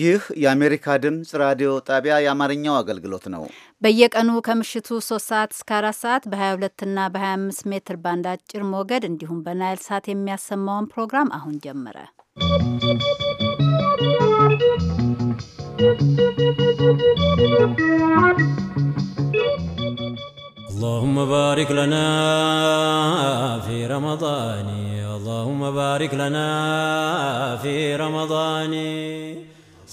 ይህ የአሜሪካ ድምፅ ራዲዮ ጣቢያ የአማርኛው አገልግሎት ነው። በየቀኑ ከምሽቱ 3 ሰዓት እስከ 4 ሰዓት በ22 እና በ25 ሜትር ባንድ አጭር ሞገድ እንዲሁም በናይል ሳት የሚያሰማውን ፕሮግራም አሁን ጀመረ። اللهم بارك لنا في رمضان اللهم بارك لنا في رمضان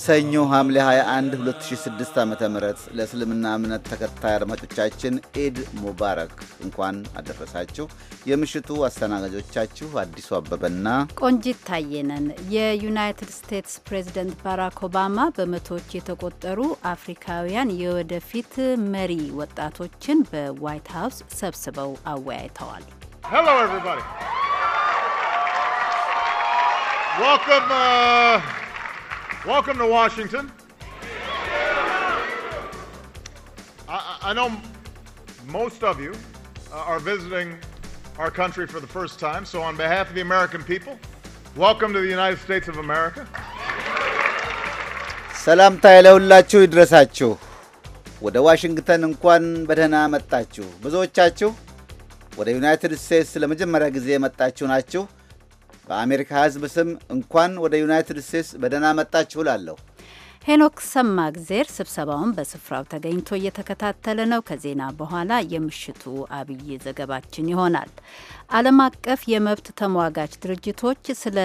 ሰኞ ሐምሌ 21 2006 ዓ ም ለእስልምና እምነት ተከታይ አድማጮቻችን ኢድ ሙባረክ እንኳን አደረሳችሁ። የምሽቱ አስተናጋጆቻችሁ አዲሱ አበበና ቆንጂት ታየነን። የዩናይትድ ስቴትስ ፕሬዝደንት ባራክ ኦባማ በመቶዎች የተቆጠሩ አፍሪካውያን የወደፊት መሪ ወጣቶችን በዋይት ሀውስ ሰብስበው አወያይተዋል። Welcome to Washington. I, I know most of you uh, are visiting our country for the first time, so on behalf of the American people, welcome to the United States of America. ሰላምታ የለውላችሁ ይድረሳችሁ። ወደ ዋሽንግተን እንኳን በደህና መጣችሁ። ብዙዎቻችሁ ወደ ዩናይትድ ስቴትስ ለመጀመሪያ ጊዜ የመጣችሁ ናችሁ። በአሜሪካ ሕዝብ ስም እንኳን ወደ ዩናይትድ ስቴትስ በደህና መጣችሁ እላለሁ። ሄኖክ ሰማ ግዜር ስብሰባውን በስፍራው ተገኝቶ እየተከታተለ ነው። ከዜና በኋላ የምሽቱ አብይ ዘገባችን ይሆናል። ዓለም አቀፍ የመብት ተሟጋች ድርጅቶች ስለ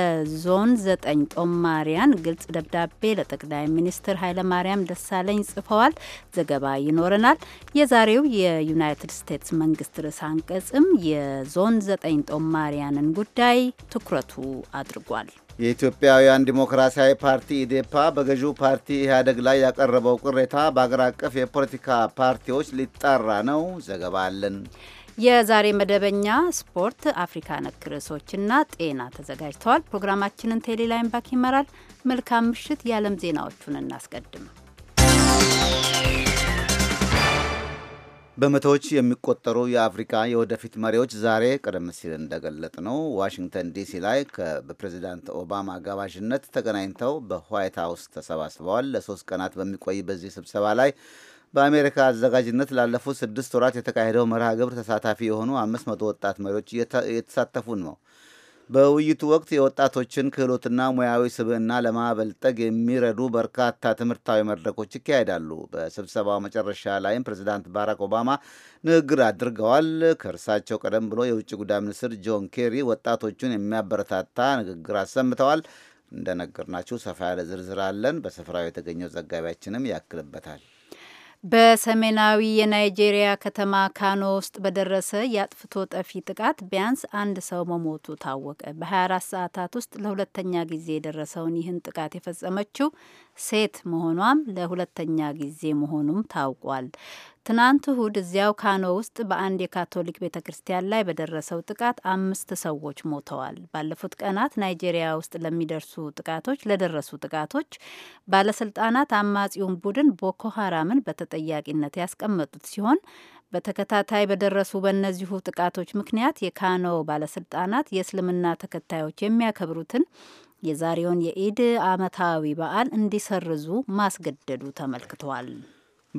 ዞን ዘጠኝ ጦማሪያን ግልጽ ደብዳቤ ለጠቅላይ ሚኒስትር ኃይለማርያም ደሳለኝ ጽፈዋል። ዘገባ ይኖረናል። የዛሬው የዩናይትድ ስቴትስ መንግስት ርዕሰ አንቀጽም የዞን ዘጠኝ ጦማሪያንን ጉዳይ ትኩረቱ አድርጓል። የኢትዮጵያውያን ዲሞክራሲያዊ ፓርቲ ኢዴፓ በገዢው ፓርቲ ኢህአደግ ላይ ያቀረበው ቅሬታ በአገር አቀፍ የፖለቲካ ፓርቲዎች ሊጣራ ነው። ዘገባ አለን። የዛሬ መደበኛ ስፖርት፣ አፍሪካ ነክ ርዕሶችና ጤና ተዘጋጅተዋል። ፕሮግራማችንን ቴሌላይን ባክ ይመራል። መልካም ምሽት። የዓለም ዜናዎቹን እናስቀድም። በመቶዎች የሚቆጠሩ የአፍሪካ የወደፊት መሪዎች ዛሬ ቀደም ሲል እንደገለጥ ነው ዋሽንግተን ዲሲ ላይ በፕሬዚዳንት ኦባማ አጋባዥነት ተገናኝተው በዋይት ሀውስ ተሰባስበዋል። ለሶስት ቀናት በሚቆይ በዚህ ስብሰባ ላይ በአሜሪካ አዘጋጅነት ላለፉት ስድስት ወራት የተካሄደው መርሃ ግብር ተሳታፊ የሆኑ አምስት መቶ ወጣት መሪዎች እየተሳተፉ ነው። በውይይቱ ወቅት የወጣቶችን ክህሎትና ሙያዊ ስብዕና ለማበልጠግ የሚረዱ በርካታ ትምህርታዊ መድረኮች ይካሄዳሉ። በስብሰባው መጨረሻ ላይም ፕሬዚዳንት ባራክ ኦባማ ንግግር አድርገዋል። ከእርሳቸው ቀደም ብሎ የውጭ ጉዳይ ሚኒስትር ጆን ኬሪ ወጣቶቹን የሚያበረታታ ንግግር አሰምተዋል። እንደነገርናችሁ ሰፋ ያለ ዝርዝር አለን። በስፍራው የተገኘው ዘጋቢያችንም ያክልበታል። በሰሜናዊ የናይጄሪያ ከተማ ካኖ ውስጥ በደረሰ የአጥፍቶ ጠፊ ጥቃት ቢያንስ አንድ ሰው መሞቱ ታወቀ። በ24 ሰዓታት ውስጥ ለሁለተኛ ጊዜ የደረሰውን ይህን ጥቃት የፈጸመችው ሴት መሆኗም ለሁለተኛ ጊዜ መሆኑም ታውቋል። ትናንት እሁድ እዚያው ካኖ ውስጥ በአንድ የካቶሊክ ቤተ ክርስቲያን ላይ በደረሰው ጥቃት አምስት ሰዎች ሞተዋል። ባለፉት ቀናት ናይጄሪያ ውስጥ ለሚደርሱ ጥቃቶች ለደረሱ ጥቃቶች ባለስልጣናት አማጺውን ቡድን ቦኮ ሀራምን በተጠያቂነት ያስቀመጡት ሲሆን በተከታታይ በደረሱ በእነዚሁ ጥቃቶች ምክንያት የካኖ ባለስልጣናት የእስልምና ተከታዮች የሚያከብሩትን የዛሬውን የኢድ ዓመታዊ በዓል እንዲሰርዙ ማስገደዱ ተመልክቷል።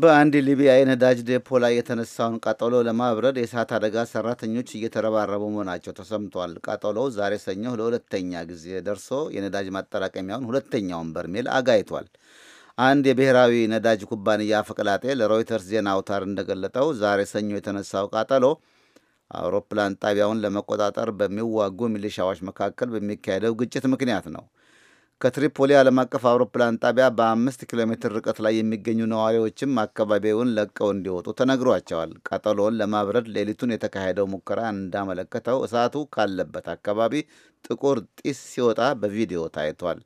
በአንድ ሊቢያ የነዳጅ ዴፖ ላይ የተነሳውን ቃጠሎ ለማብረድ የእሳት አደጋ ሰራተኞች እየተረባረቡ መሆናቸው ተሰምቷል። ቃጠሎው ዛሬ ሰኞ ለሁለተኛ ጊዜ ደርሶ የነዳጅ ማጠራቀሚያውን ሁለተኛውን በርሜል አጋይቷል። አንድ የብሔራዊ ነዳጅ ኩባንያ ፈቅላጤ ለሮይተርስ ዜና አውታር እንደገለጠው ዛሬ ሰኞ የተነሳው ቃጠሎ አውሮፕላን ጣቢያውን ለመቆጣጠር በሚዋጉ ሚሊሻዎች መካከል በሚካሄደው ግጭት ምክንያት ነው። ከትሪፖሊ ዓለም አቀፍ አውሮፕላን ጣቢያ በአምስት ኪሎ ሜትር ርቀት ላይ የሚገኙ ነዋሪዎችም አካባቢውን ለቀው እንዲወጡ ተነግሯቸዋል። ቃጠሎውን ለማብረድ ሌሊቱን የተካሄደው ሙከራ እንዳመለከተው እሳቱ ካለበት አካባቢ ጥቁር ጢስ ሲወጣ በቪዲዮ ታይቷል።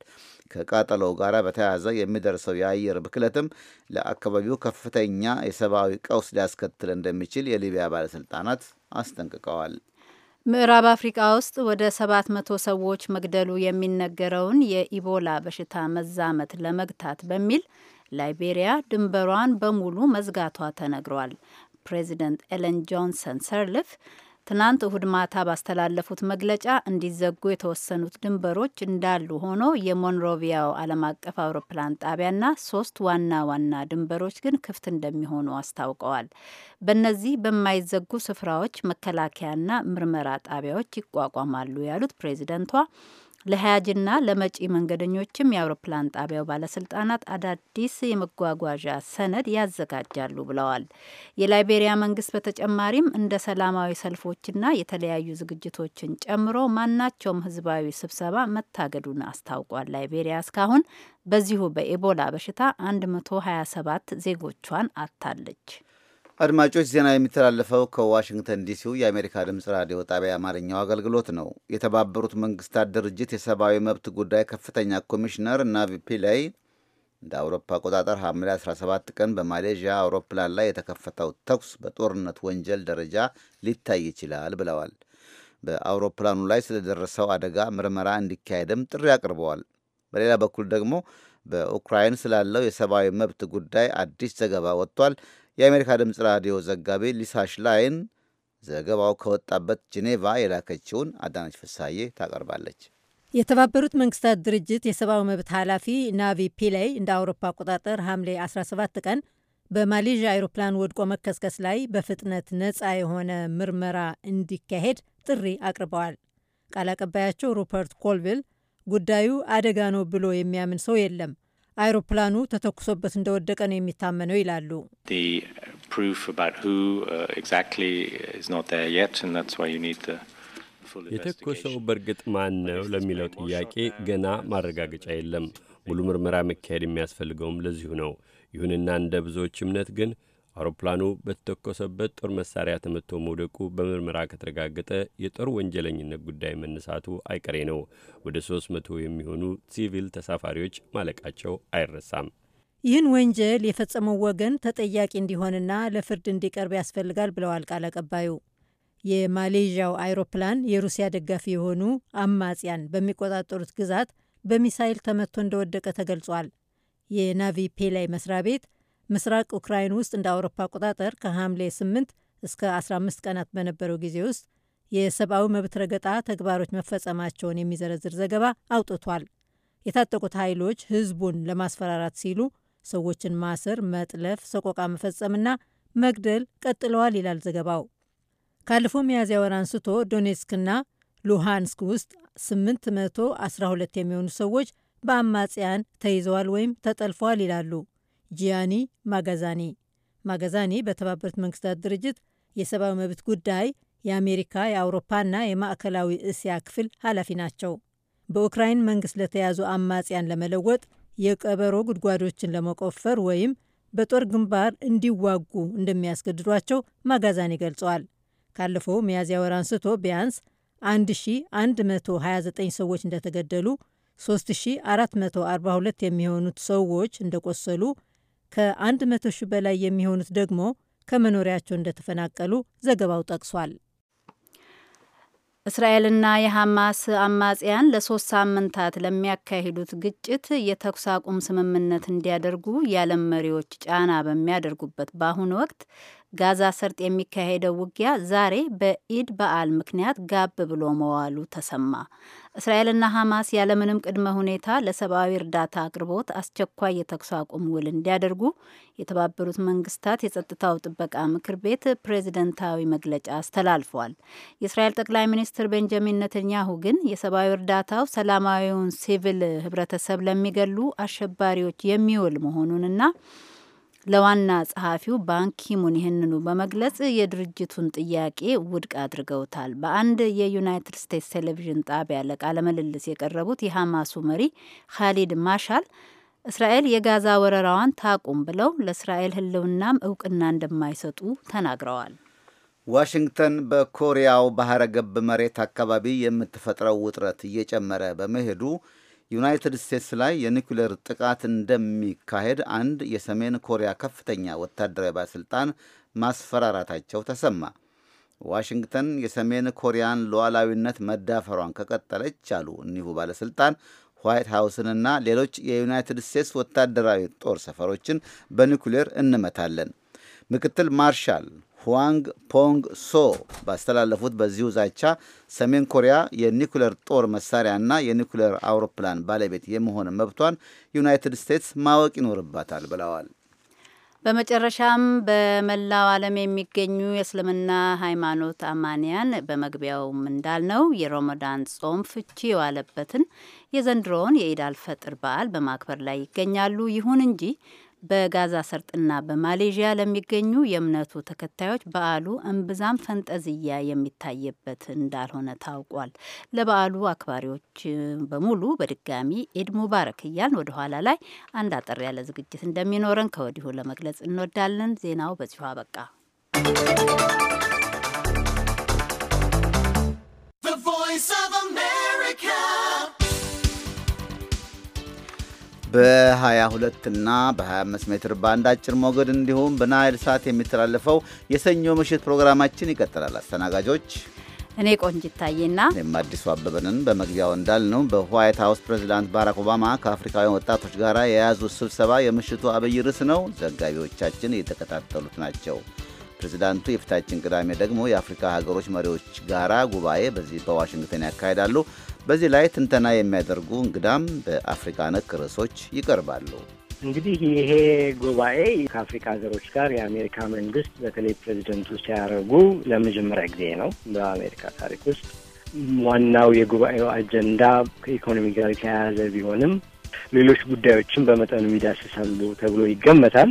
ከቃጠሎው ጋር በተያያዘ የሚደርሰው የአየር ብክለትም ለአካባቢው ከፍተኛ የሰብአዊ ቀውስ ሊያስከትል እንደሚችል የሊቢያ ባለሥልጣናት አስጠንቅቀዋል። ምዕራብ አፍሪቃ ውስጥ ወደ 700 ሰዎች መግደሉ የሚነገረውን የኢቦላ በሽታ መዛመት ለመግታት በሚል ላይቤሪያ ድንበሯን በሙሉ መዝጋቷ ተነግሯል። ፕሬዚደንት ኤለን ጆንሰን ሰርልፍ ትናንት እሁድ ማታ ባስተላለፉት መግለጫ እንዲዘጉ የተወሰኑት ድንበሮች እንዳሉ ሆኖ የሞንሮቪያው ዓለም አቀፍ አውሮፕላን ጣቢያና ሶስት ዋና ዋና ድንበሮች ግን ክፍት እንደሚሆኑ አስታውቀዋል። በእነዚህ በማይዘጉ ስፍራዎች መከላከያና ምርመራ ጣቢያዎች ይቋቋማሉ ያሉት ፕሬዚደንቷ ለሀያጅና ለመጪ መንገደኞችም የአውሮፕላን ጣቢያው ባለስልጣናት አዳዲስ የመጓጓዣ ሰነድ ያዘጋጃሉ ብለዋል። የላይቤሪያ መንግስት በተጨማሪም እንደ ሰላማዊ ሰልፎችና የተለያዩ ዝግጅቶችን ጨምሮ ማናቸውም ህዝባዊ ስብሰባ መታገዱን አስታውቋል። ላይቤሪያ እስካሁን በዚሁ በኤቦላ በሽታ 127 ዜጎቿን አታለች። አድማጮች ዜና የሚተላለፈው ከዋሽንግተን ዲሲው የአሜሪካ ድምፅ ራዲዮ ጣቢያ የአማርኛው አገልግሎት ነው። የተባበሩት መንግስታት ድርጅት የሰብአዊ መብት ጉዳይ ከፍተኛ ኮሚሽነር ናቪ ፒላይ እንደ አውሮፓ አቆጣጠር ሐምሌ 17 ቀን በማሌዥያ አውሮፕላን ላይ የተከፈተው ተኩስ በጦርነት ወንጀል ደረጃ ሊታይ ይችላል ብለዋል። በአውሮፕላኑ ላይ ስለደረሰው አደጋ ምርመራ እንዲካሄድም ጥሪ አቅርበዋል። በሌላ በኩል ደግሞ በኡክራይን ስላለው የሰብአዊ መብት ጉዳይ አዲስ ዘገባ ወጥቷል። የአሜሪካ ድምፅ ራዲዮ ዘጋቢ ሊሳሽ ላይን ዘገባው ከወጣበት ጄኔቫ የላከችውን አዳነች ፍሳዬ ታቀርባለች። የተባበሩት መንግስታት ድርጅት የሰብአዊ መብት ኃላፊ ናቪ ፒላይ እንደ አውሮፓ አቆጣጠር ሐምሌ 17 ቀን በማሌዥያ አይሮፕላን ወድቆ መከስከስ ላይ በፍጥነት ነፃ የሆነ ምርመራ እንዲካሄድ ጥሪ አቅርበዋል። ቃል አቀባያቸው ሩፐርት ኮልቪል ጉዳዩ አደጋ ነው ብሎ የሚያምን ሰው የለም አይሮፕላኑ ተተኩሶበት እንደወደቀ ነው የሚታመነው ይላሉ። uh, የተኮሰው በእርግጥ ማን ነው ለሚለው ጥያቄ ገና ማረጋገጫ የለም። ሙሉ ምርመራ መካሄድ የሚያስፈልገውም ለዚሁ ነው። ይሁንና እንደ ብዙዎች እምነት ግን አውሮፕላኑ በተተኮሰበት ጦር መሳሪያ ተመቶ መውደቁ በምርመራ ከተረጋገጠ የጦር ወንጀለኝነት ጉዳይ መነሳቱ አይቀሬ ነው። ወደ ሶስት መቶ የሚሆኑ ሲቪል ተሳፋሪዎች ማለቃቸው አይረሳም። ይህን ወንጀል የፈጸመው ወገን ተጠያቂ እንዲሆንና ለፍርድ እንዲቀርብ ያስፈልጋል ብለዋል ቃል አቀባዩ። የማሌዥያው አይሮፕላን የሩሲያ ደጋፊ የሆኑ አማጽያን በሚቆጣጠሩት ግዛት በሚሳይል ተመቶ እንደወደቀ ተገልጿል። የናቪ ፔላይ መስሪያ ቤት ምስራቅ ኡክራይን ውስጥ እንደ አውሮፓ አቆጣጠር ከሐምሌ 8 እስከ 15 ቀናት በነበረው ጊዜ ውስጥ የሰብአዊ መብት ረገጣ ተግባሮች መፈጸማቸውን የሚዘረዝር ዘገባ አውጥቷል። የታጠቁት ኃይሎች ህዝቡን ለማስፈራራት ሲሉ ሰዎችን ማሰር፣ መጥለፍ፣ ሰቆቃ መፈጸምና መግደል ቀጥለዋል ይላል ዘገባው። ካለፈው ሚያዝያ ወር አንስቶ ዶኔትስክና ሉሃንስክ ውስጥ 812 የሚሆኑ ሰዎች በአማጽያን ተይዘዋል ወይም ተጠልፈዋል ይላሉ ጂያኒ ማጋዛኒ። ማጋዛኒ በተባበሩት መንግስታት ድርጅት የሰብአዊ መብት ጉዳይ የአሜሪካ የአውሮፓና የማዕከላዊ እስያ ክፍል ኃላፊ ናቸው። በኡክራይን መንግስት ለተያዙ አማጽያን ለመለወጥ የቀበሮ ጉድጓዶችን ለመቆፈር ወይም በጦር ግንባር እንዲዋጉ እንደሚያስገድዷቸው ማጋዛኒ ገልጸዋል። ካለፈው ሚያዝያ ወር አንስቶ ቢያንስ 1129 ሰዎች እንደተገደሉ፣ 3442 የሚሆኑት ሰዎች እንደቆሰሉ ከ100 ሺህ በላይ የሚሆኑት ደግሞ ከመኖሪያቸው እንደተፈናቀሉ ዘገባው ጠቅሷል። እስራኤልና የሐማስ አማጽያን ለሶስት ሳምንታት ለሚያካሂዱት ግጭት የተኩስ አቁም ስምምነት እንዲያደርጉ የዓለም መሪዎች ጫና በሚያደርጉበት በአሁኑ ወቅት ጋዛ ሰርጥ የሚካሄደው ውጊያ ዛሬ በኢድ በዓል ምክንያት ጋብ ብሎ መዋሉ ተሰማ። እስራኤልና ሐማስ ያለምንም ቅድመ ሁኔታ ለሰብአዊ እርዳታ አቅርቦት አስቸኳይ የተኩስ አቁም ውል እንዲያደርጉ የተባበሩት መንግስታት የጸጥታው ጥበቃ ምክር ቤት ፕሬዝደንታዊ መግለጫ አስተላልፏል። የእስራኤል ጠቅላይ ሚኒስትር ቤንጃሚን ነተንያሁ ግን የሰብአዊ እርዳታው ሰላማዊውን ሲቪል ህብረተሰብ ለሚገሉ አሸባሪዎች የሚውል መሆኑንና ለዋና ጸሐፊው ባንኪሙን ይህንኑ በመግለጽ የድርጅቱን ጥያቄ ውድቅ አድርገውታል። በአንድ የዩናይትድ ስቴትስ ቴሌቪዥን ጣቢያ ለቃለ ምልልስ የቀረቡት የሐማሱ መሪ ካሊድ ማሻል እስራኤል የጋዛ ወረራዋን ታቁም ብለው ለእስራኤል ሕልውናም እውቅና እንደማይሰጡ ተናግረዋል። ዋሽንግተን በኮሪያው ባህረ ገብ መሬት አካባቢ የምትፈጥረው ውጥረት እየጨመረ በመሄዱ ዩናይትድ ስቴትስ ላይ የኒኩሌር ጥቃት እንደሚካሄድ አንድ የሰሜን ኮሪያ ከፍተኛ ወታደራዊ ባለሥልጣን ማስፈራራታቸው ተሰማ። ዋሽንግተን የሰሜን ኮሪያን ሉዓላዊነት መዳፈሯን ከቀጠለች አሉ እኒሁ ባለሥልጣን ዋይት ሃውስንና ሌሎች የዩናይትድ ስቴትስ ወታደራዊ ጦር ሰፈሮችን በኒኩሌር እንመታለን ምክትል ማርሻል ሁዋንግ ፖንግ ሶ ባስተላለፉት በዚሁ ዛቻ ሰሜን ኮሪያ የኒኩሌር ጦር መሳሪያና የኒኩሌር አውሮፕላን ባለቤት የመሆን መብቷን ዩናይትድ ስቴትስ ማወቅ ይኖርባታል ብለዋል። በመጨረሻም በመላው ዓለም የሚገኙ የእስልምና ሃይማኖት አማንያን በመግቢያውም እንዳልነው የሮመዳን ጾም ፍቺ የዋለበትን የዘንድሮውን የኢዳል ፈጥር በዓል በማክበር ላይ ይገኛሉ። ይሁን እንጂ በጋዛ ሰርጥና በማሌዥያ ለሚገኙ የእምነቱ ተከታዮች በዓሉ እምብዛም ፈንጠዝያ የሚታይበት እንዳልሆነ ታውቋል። ለበዓሉ አክባሪዎች በሙሉ በድጋሚ ኤድ ሙባረክ እያልን ወደ ኋላ ላይ አንድ አጠር ያለ ዝግጅት እንደሚኖረን ከወዲሁ ለመግለጽ እንወዳለን። ዜናው በዚሁ አበቃ። በ22 እና በ25 ሜትር ባንድ አጭር ሞገድ እንዲሁም በናይል ሳት የሚተላለፈው የሰኞ ምሽት ፕሮግራማችን ይቀጥላል። አስተናጋጆች እኔ ቆንጅ ታዬና እኔም አዲሱ አበበንን በመግቢያው እንዳልነው በዋይት ሀውስ ፕሬዚዳንት ባራክ ኦባማ ከአፍሪካውያን ወጣቶች ጋር የያዙ ስብሰባ የምሽቱ አብይ ርዕስ ነው። ዘጋቢዎቻችን እየተከታተሉት ናቸው። ፕሬዚዳንቱ የፊታችን ቅዳሜ ደግሞ የአፍሪካ ሀገሮች መሪዎች ጋራ ጉባኤ በዚህ በዋሽንግተን ያካሂዳሉ። በዚህ ላይ ትንተና የሚያደርጉ እንግዳም በአፍሪካ ነክ ርዕሶች ይቀርባሉ። እንግዲህ ይሄ ጉባኤ ከአፍሪካ ሀገሮች ጋር የአሜሪካ መንግስት በተለይ ፕሬዚደንቱ ሲያደርጉ ለመጀመሪያ ጊዜ ነው በአሜሪካ ታሪክ ውስጥ። ዋናው የጉባኤው አጀንዳ ከኢኮኖሚ ጋር የተያያዘ ቢሆንም ሌሎች ጉዳዮችን በመጠኑ ይዳስሳሉ ተብሎ ይገመታል።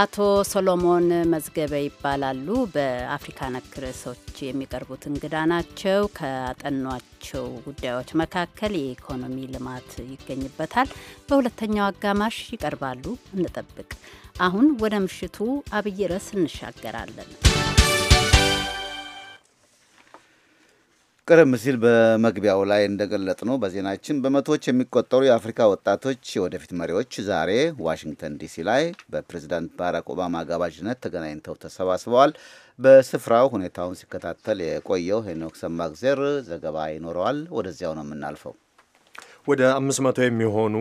አቶ ሶሎሞን መዝገበ ይባላሉ። በአፍሪካ ነክ ርዕሶች የሚቀርቡት እንግዳ ናቸው። ከጠኗቸው ጉዳዮች መካከል የኢኮኖሚ ልማት ይገኝበታል። በሁለተኛው አጋማሽ ይቀርባሉ፣ እንጠብቅ። አሁን ወደ ምሽቱ አብይ ርዕስ እንሻገራለን። ቀደም ሲል በመግቢያው ላይ እንደገለጥ ነው በዜናችን በመቶዎች የሚቆጠሩ የአፍሪካ ወጣቶች የወደፊት መሪዎች ዛሬ ዋሽንግተን ዲሲ ላይ በፕሬዚዳንት ባራክ ኦባማ አጋባዥነት ተገናኝተው ተሰባስበዋል። በስፍራው ሁኔታውን ሲከታተል የቆየው ሄኖክ ሰማግዜር ዘገባ ይኖረዋል። ወደዚያው ነው የምናልፈው። ወደ አምስት መቶ የሚሆኑ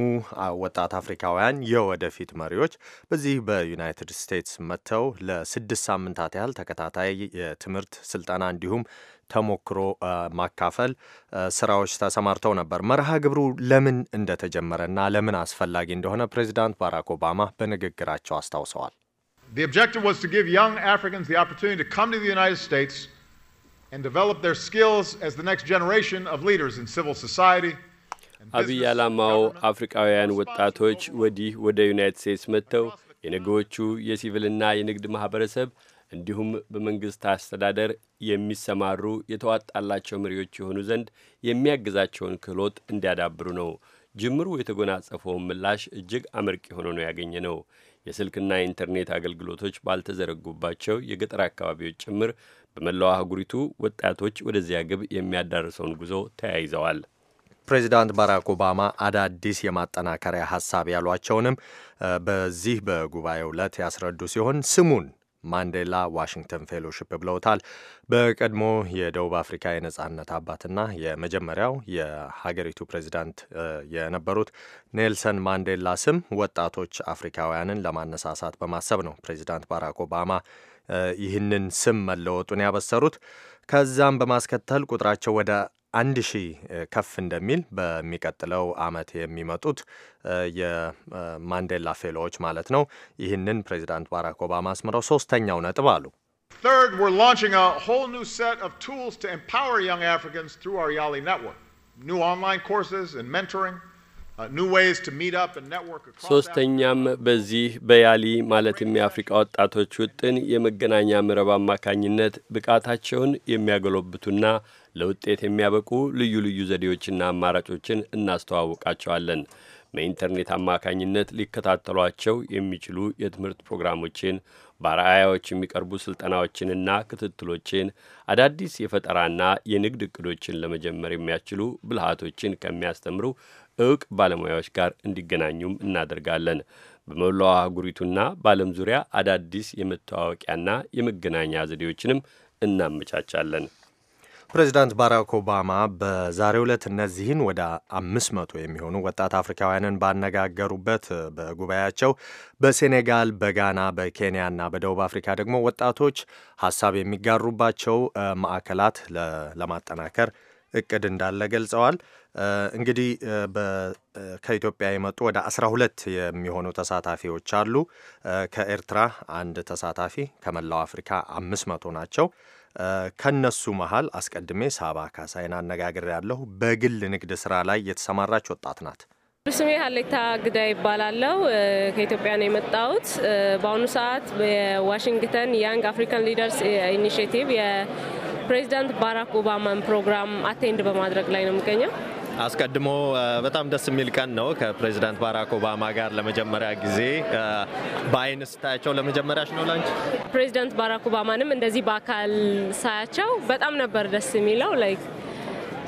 ወጣት አፍሪካውያን የወደፊት መሪዎች በዚህ በዩናይትድ ስቴትስ መጥተው ለስድስት ሳምንታት ያህል ተከታታይ የትምህርት ስልጠና እንዲሁም ተሞክሮ ማካፈል ስራዎች ተሰማርተው ነበር። መርሃ ግብሩ ለምን እንደተጀመረና ለምን አስፈላጊ እንደሆነ ፕሬዚዳንት ባራክ ኦባማ በንግግራቸው አስታውሰዋል። አብይ ዓላማው አፍሪካውያን ወጣቶች ወዲህ ወደ ዩናይትድ ስቴትስ መጥተው የነገዎቹ የሲቪልና የንግድ ማህበረሰብ እንዲሁም በመንግሥት አስተዳደር የሚሰማሩ የተዋጣላቸው መሪዎች የሆኑ ዘንድ የሚያግዛቸውን ክህሎት እንዲያዳብሩ ነው። ጅምሩ የተጎናጸፈውን ምላሽ እጅግ አመርቂ ሆኖ ነው ያገኘ ነው። የስልክና የኢንተርኔት አገልግሎቶች ባልተዘረጉባቸው የገጠር አካባቢዎች ጭምር በመላዋ አህጉሪቱ ወጣቶች ወደዚያ ግብ የሚያዳርሰውን ጉዞ ተያይዘዋል። ፕሬዚዳንት ባራክ ኦባማ አዳዲስ የማጠናከሪያ ሀሳብ ያሏቸውንም በዚህ በጉባኤው ዕለት ያስረዱ ሲሆን ስሙን ማንዴላ ዋሽንግተን ፌሎሽፕ ብለውታል። በቀድሞ የደቡብ አፍሪካ የነጻነት አባትና የመጀመሪያው የሀገሪቱ ፕሬዚዳንት የነበሩት ኔልሰን ማንዴላ ስም ወጣቶች አፍሪካውያንን ለማነሳሳት በማሰብ ነው ፕሬዚዳንት ባራክ ኦባማ ይህንን ስም መለወጡን ያበሰሩት። ከዛም በማስከተል ቁጥራቸው ወደ አንድ ሺህ ከፍ እንደሚል በሚቀጥለው ዓመት የሚመጡት የማንዴላ ፌሎዎች ማለት ነው። ይህንን ፕሬዚዳንት ባራክ ኦባማ አስምረው ሶስተኛው ነጥብ አሉ። ሶስተኛም በዚህ በያሊ ማለትም የአፍሪቃ ወጣቶች ውጥን የመገናኛ መረብ አማካኝነት ብቃታቸውን የሚያጎለብቱና ለውጤት የሚያበቁ ልዩ ልዩ ዘዴዎችና አማራጮችን እናስተዋውቃቸዋለን። በኢንተርኔት አማካኝነት ሊከታተሏቸው የሚችሉ የትምህርት ፕሮግራሞችን፣ በአርአያዎች የሚቀርቡ ስልጠናዎችንና ክትትሎችን፣ አዳዲስ የፈጠራና የንግድ እቅዶችን ለመጀመር የሚያስችሉ ብልሃቶችን ከሚያስተምሩ እውቅ ባለሙያዎች ጋር እንዲገናኙም እናደርጋለን። በመላው አህጉሪቱና በዓለም ዙሪያ አዳዲስ የመተዋወቂያና የመገናኛ ዘዴዎችንም እናመቻቻለን። ፕሬዚዳንት ባራክ ኦባማ በዛሬው ዕለት እነዚህን ወደ አምስት መቶ የሚሆኑ ወጣት አፍሪካውያንን ባነጋገሩበት በጉባኤያቸው በሴኔጋል፣ በጋና፣ በኬንያ ና በደቡብ አፍሪካ ደግሞ ወጣቶች ሀሳብ የሚጋሩባቸው ማዕከላት ለማጠናከር እቅድ እንዳለ ገልጸዋል። እንግዲህ ከኢትዮጵያ የመጡ ወደ 12 የሚሆኑ ተሳታፊዎች አሉ። ከኤርትራ አንድ ተሳታፊ፣ ከመላው አፍሪካ መቶ ናቸው። ከነሱ መሀል አስቀድሜ ሳባ ካሳይን ያለሁ በግል ንግድ ስራ ላይ የተሰማራች ወጣት ናት። ስሜ ሀሌታ ግዳ ይባላለው። ከኢትዮጵያ ነው የመጣሁት። በአሁኑ ሰዓት የዋሽንግተን ያንግ አፍሪካን ሊደርስ ኢኒሽቲቭ የፕሬዚዳንት ባራክ ኦባማን ፕሮግራም አቴንድ በማድረግ ላይ ነው የሚገኘው። አስቀድሞ በጣም ደስ የሚል ቀን ነው። ከፕሬዚዳንት ባራክ ኦባማ ጋር ለመጀመሪያ ጊዜ በአይን ስታያቸው ለመጀመሪያች ነው ላንች? ፕሬዚዳንት ባራክ ኦባማንም እንደዚህ በአካል ሳያቸው በጣም ነበር ደስ የሚለው ላይክ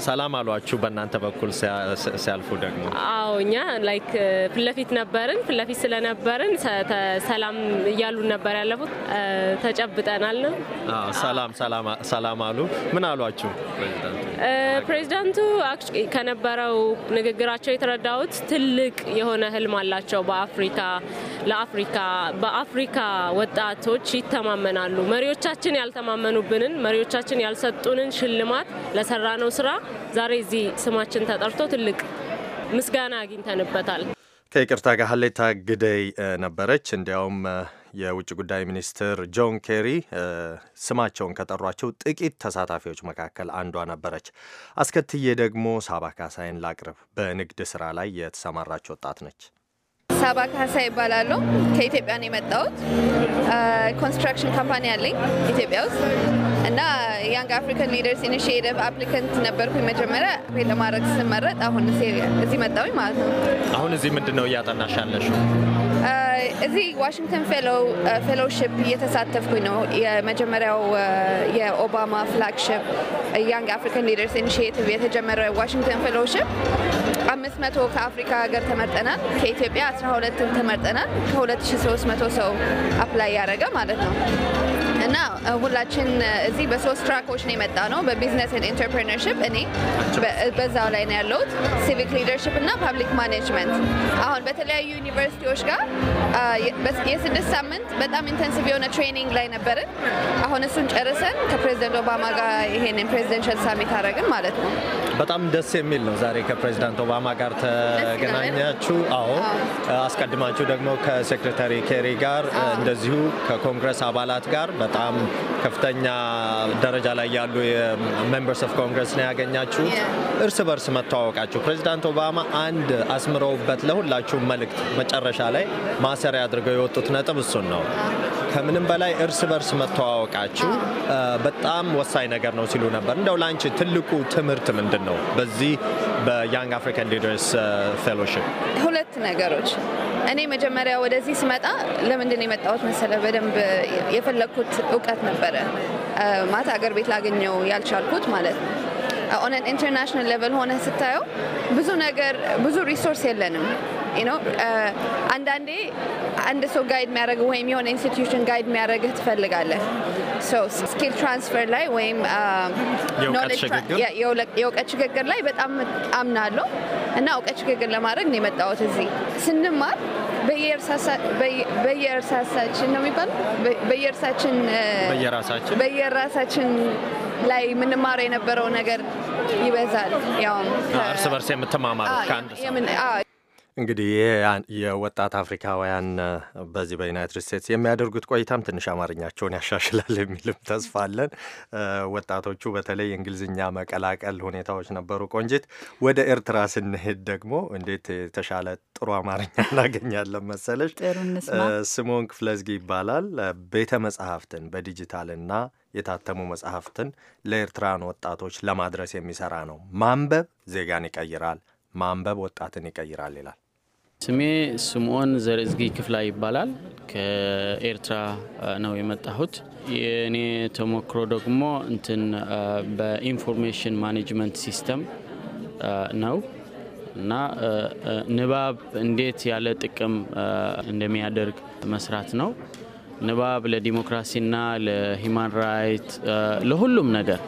ሰላም አሏችሁ በእናንተ በኩል ሲያልፉ ደግሞ? አዎ እኛ ላይክ ፊት ነበርን። ፊት ስለነበርን ሰላም እያሉን ነበር ያለፉት። ተጨብጠናል ነው ሰላም ሰላም አሉ። ምን አሏችሁ ፕሬዚዳንቱ? ከነበረው ንግግራቸው የተረዳሁት ትልቅ የሆነ ህልም አላቸው በአፍሪካ ለአፍሪካ በአፍሪካ ወጣቶች ይተማመናሉ። መሪዎቻችን ያልተማመኑብንን መሪዎቻችን ያልሰጡንን ሽልማት ለሰራነው ስራ ዛሬ እዚህ ስማችን ተጠርቶ ትልቅ ምስጋና አግኝተንበታል። ከይቅርታ ጋር ሀሌታ ግደይ ነበረች። እንዲያውም የውጭ ጉዳይ ሚኒስትር ጆን ኬሪ ስማቸውን ከጠሯቸው ጥቂት ተሳታፊዎች መካከል አንዷ ነበረች። አስከትዬ ደግሞ ሳባ ካሳይን ላቅርብ። በንግድ ስራ ላይ የተሰማራች ወጣት ነች። ሳባ ካሳ ይባላሉ። ከኢትዮጵያ ነው የመጣሁት። ኮንስትራክሽን ካምፓኒ አለኝ ኢትዮጵያ ውስጥ እና ያንግ አፍሪካን ሊደርስ ኢኒሽቲቭ አፕሊካንት ነበርኩኝ መጀመሪያ ቤት ለማድረግ ስመረጥ፣ አሁን እዚህ መጣሁኝ ማለት ነው። አሁን እዚህ ምንድን ነው እያጠናሽ ያለሽው? እዚህ ዋሽንግተን ፌሎውሽፕ እየተሳተፍኩኝ ነው። የመጀመሪያው የኦባማ ፍላግሽፕ ያንግ አፍሪካን ሊደርስ ኢኒሽቲቭ የተጀመረ ዋሽንግተን ፌሎውሽፕ አምስት መቶ ከአፍሪካ ሀገር ተመርጠናል። ከኢትዮጵያ አስራ ሁለትን ተመርጠናል። ከሁለት ሺ ሶስት መቶ ሰው አፕላይ ያደረገ ማለት ነው። እና uh, ሁላችን uh, እዚህ በሶስት ትራኮች ነው የመጣ ነው። በቢዝነስ ኢንተርፕሪነርሽፕ እኔ በዛው ላይ ነው ያለሁት፣ ሲቪክ ሊደርሽፕ እና ፐብሊክ ማኔጅመንት። አሁን በተለያዩ ዩኒቨርሲቲዎች ጋር uh, የስድስት ሳምንት በጣም ኢንተንሲቭ የሆነ ትሬኒንግ ላይ ነበርን። አሁን እሱን ጨርሰን ከፕሬዚደንት ኦባማ ጋር ይሄንን ፕሬዚደንሻል ሳሚት አደረግን ማለት ነው። በጣም ደስ የሚል ነው። ዛሬ ከፕሬዚዳንት ኦባማ ጋር ተገናኛችሁ። አዎ፣ አስቀድማችሁ ደግሞ ከሴክሬታሪ ኬሪ ጋር እንደዚሁ ከኮንግረስ አባላት ጋር በጣም ከፍተኛ ደረጃ ላይ ያሉ የሜምበርስ ኦፍ ኮንግረስ ነው ያገኛችሁ። እርስ በርስ መተዋወቃችሁ ፕሬዚዳንት ኦባማ አንድ አስምረውበት ለሁላችሁም መልእክት መጨረሻ ላይ ማሰሪያ አድርገው የወጡት ነጥብ እሱን ነው። ከምንም በላይ እርስ በርስ መተዋወቃችሁ በጣም ወሳኝ ነገር ነው ሲሉ ነበር። እንደው ለአንቺ ትልቁ ትምህርት ምንድን ነው በዚህ በያንግ አፍሪካን ሊደርስ ፌሎሺፕ ሁለት ነገሮች እኔ መጀመሪያ ወደዚህ ስመጣ ለምንድን የመጣሁት መሰለ በደንብ የፈለግኩት እውቀት ነበረ ማታ አገር ቤት ላገኘው ያልቻልኩት ማለት ነው። ኦን ኢንተርናሽናል ሌቨል ሆነ ስታየው ብዙ ነገር ብዙ ሪሶርስ የለንም ነው። uh, አንዳንዴ አንድ ሰው ጋይድ የሚያደርግ ወይም የሆነ ኢንስቲትዩሽን ጋይድ የሚያደርግህ ትፈልጋለህ። ስኪል ትራንስፈር ላይ ወይም uh, የእውቀት ሽግግር ላይ በጣም አምናለሁ እና እውቀት ሽግግር ለማድረግ ነው የመጣሁት እዚህ ስንማር በየእርሳሳችን ነው የሚባለው በየእርሳችን uh, በየራሳችን ላይ የምንማረው የነበረው ነገር ይበዛል። ያውም እርስ በርስ የምትማማሩት ከአንድ እንግዲህ የወጣት አፍሪካውያን በዚህ በዩናይትድ ስቴትስ የሚያደርጉት ቆይታም ትንሽ አማርኛቸውን ያሻሽላል የሚልም ተስፋ አለን። ወጣቶቹ በተለይ የእንግሊዝኛ መቀላቀል ሁኔታዎች ነበሩ። ቆንጂት፣ ወደ ኤርትራ ስንሄድ ደግሞ እንዴት የተሻለ ጥሩ አማርኛ እናገኛለን መሰለች። ስሞን ክፍለዝጊ ይባላል። ቤተ መጽሐፍትን በዲጂታልና የታተሙ መጽሐፍትን ለኤርትራን ወጣቶች ለማድረስ የሚሰራ ነው። ማንበብ ዜጋን ይቀይራል ማንበብ ወጣትን ይቀይራል ይላል። ስሜ ስምዖን ዘርዝጊ ክፍላ ይባላል። ከኤርትራ ነው የመጣሁት። የእኔ ተሞክሮ ደግሞ እንትን በኢንፎርሜሽን ማኔጅመንት ሲስተም ነው እና ንባብ እንዴት ያለ ጥቅም እንደሚያደርግ መስራት ነው። ንባብ ለዲሞክራሲና ለሂማን ራይት ለሁሉም ነገር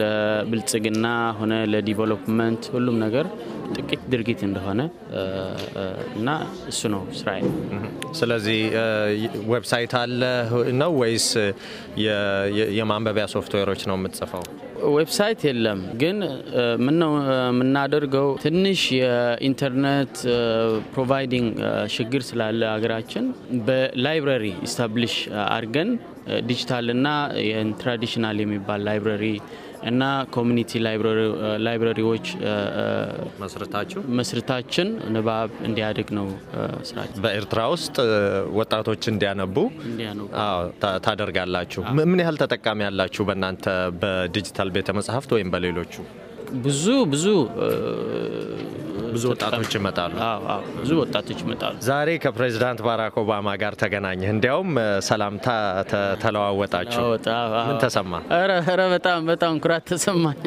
ለብልጽግና ሆነ ለዲቨሎፕመንት ሁሉም ነገር ጥቂት ድርጊት እንደሆነ እና እሱ ነው ስራ ስለዚህ ዌብሳይት አለ ነው ወይስ የማንበቢያ ሶፍትዌሮች ነው የምትጽፈው? ዌብሳይት የለም፣ ግን ምነው የምናደርገው ትንሽ የኢንተርኔት ፕሮቫይዲንግ ችግር ስላለ ሀገራችን በላይብረሪ ኢስታብሊሽ አድርገን ዲጂታልና ትራዲሽናል የሚባል ላይብረሪ እና ኮሚኒቲ ላይብረሪዎች መስርታችን ንባብ እንዲያድግ ነው ስራችን። በኤርትራ ውስጥ ወጣቶች እንዲያነቡ ታደርጋላችሁ። ምን ያህል ተጠቃሚ ያላችሁ በእናንተ በዲጂታል ቤተ መጽሐፍት ወይም በሌሎቹ? ብዙ ብዙ ብዙ ወጣቶች ይመጣሉ። ብዙ ወጣቶች ይመጣሉ። ዛሬ ከፕሬዚዳንት ባራክ ኦባማ ጋር ተገናኘ፣ እንዲያውም ሰላምታ ተለዋወጣችሁ። ምን ተሰማ? ኧረ በጣም በጣም ኩራት ተሰማኝ።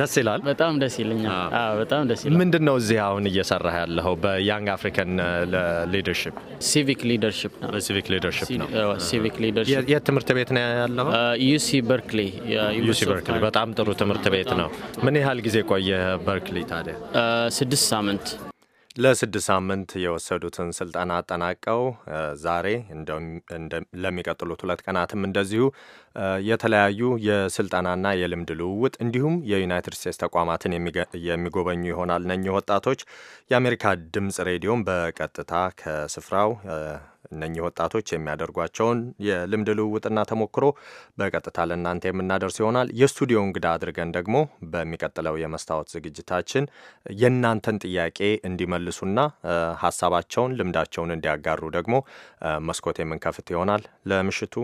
ደስ ይላል። በጣም ደስ ይለኛል። በጣም ደስ ይላል። ምንድን ነው እዚህ አሁን እየሰራህ ያለኸው? በያንግ አፍሪካን ሊደርሽፕ ሲቪክ ሊደርሽፕ ነው። ሲቪክ ሊደርሽፕ ነው። ሲቪክ ሊደርሽፕ የት ትምህርት ቤት ነው ያለው? ዩሲ በርክሊ። ዩሲ በርክሊ በጣም ጥሩ ትምህርት ቤት ነው። ምን ያህል ጊዜ ቆየ በርክሊ ታዲያ? ስድስት ሳምንት ለስድስት ሳምንት የወሰዱትን ስልጠና አጠናቀው ዛሬ ለሚቀጥሉት ሁለት ቀናትም እንደዚሁ የተለያዩ የስልጠናና የልምድ ልውውጥ እንዲሁም የዩናይትድ ስቴትስ ተቋማትን የሚጎበኙ ይሆናል። እነኚህ ወጣቶች የአሜሪካ ድምፅ ሬዲዮን በቀጥታ ከስፍራው እነኚህ ወጣቶች የሚያደርጓቸውን የልምድ ልውውጥና ተሞክሮ በቀጥታ ለእናንተ የምናደርስ ይሆናል። የስቱዲዮ እንግዳ አድርገን ደግሞ በሚቀጥለው የመስታወት ዝግጅታችን የእናንተን ጥያቄ እንዲመልሱና ሀሳባቸውን፣ ልምዳቸውን እንዲያጋሩ ደግሞ መስኮት የምንከፍት ይሆናል። ለምሽቱ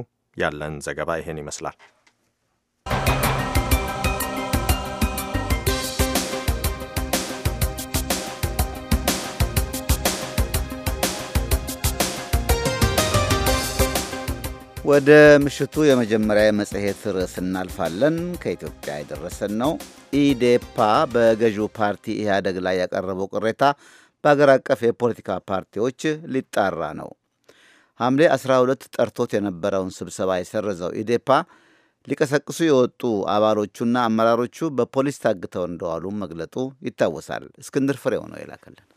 ያለን ዘገባ ይሄን ይመስላል። ወደ ምሽቱ የመጀመሪያ የመጽሔት ርዕስ እናልፋለን። ከኢትዮጵያ የደረሰን ነው። ኢዴፓ በገዢው ፓርቲ ኢህአደግ ላይ ያቀረበው ቅሬታ በአገር አቀፍ የፖለቲካ ፓርቲዎች ሊጣራ ነው። ሐምሌ 12 ጠርቶት የነበረውን ስብሰባ የሰረዘው ኢዴፓ ሊቀሰቅሱ የወጡ አባሎቹና አመራሮቹ በፖሊስ ታግተው እንደዋሉ መግለጡ ይታወሳል። እስክንድር ፍሬው ነው የላከልን።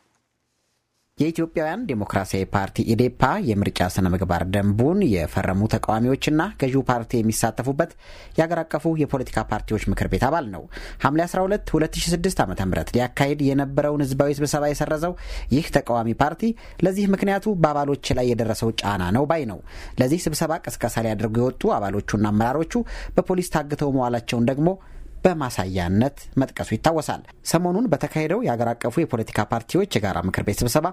የኢትዮጵያውያን ዴሞክራሲያዊ ፓርቲ ኢዴፓ የምርጫ ስነ ምግባር ደንቡን የፈረሙ ተቃዋሚዎችና ገዢው ፓርቲ የሚሳተፉበት የአገር አቀፉ የፖለቲካ ፓርቲዎች ምክር ቤት አባል ነው። ሐምሌ 12 2006 ዓ ም ሊያካሄድ የነበረውን ህዝባዊ ስብሰባ የሰረዘው ይህ ተቃዋሚ ፓርቲ ለዚህ ምክንያቱ በአባሎች ላይ የደረሰው ጫና ነው ባይ ነው። ለዚህ ስብሰባ ቀስቀሳ ሊያደርጉ የወጡ አባሎቹና አመራሮቹ በፖሊስ ታግተው መዋላቸውን ደግሞ በማሳያነት መጥቀሱ ይታወሳል። ሰሞኑን በተካሄደው የአገር አቀፉ የፖለቲካ ፓርቲዎች የጋራ ምክር ቤት ስብሰባ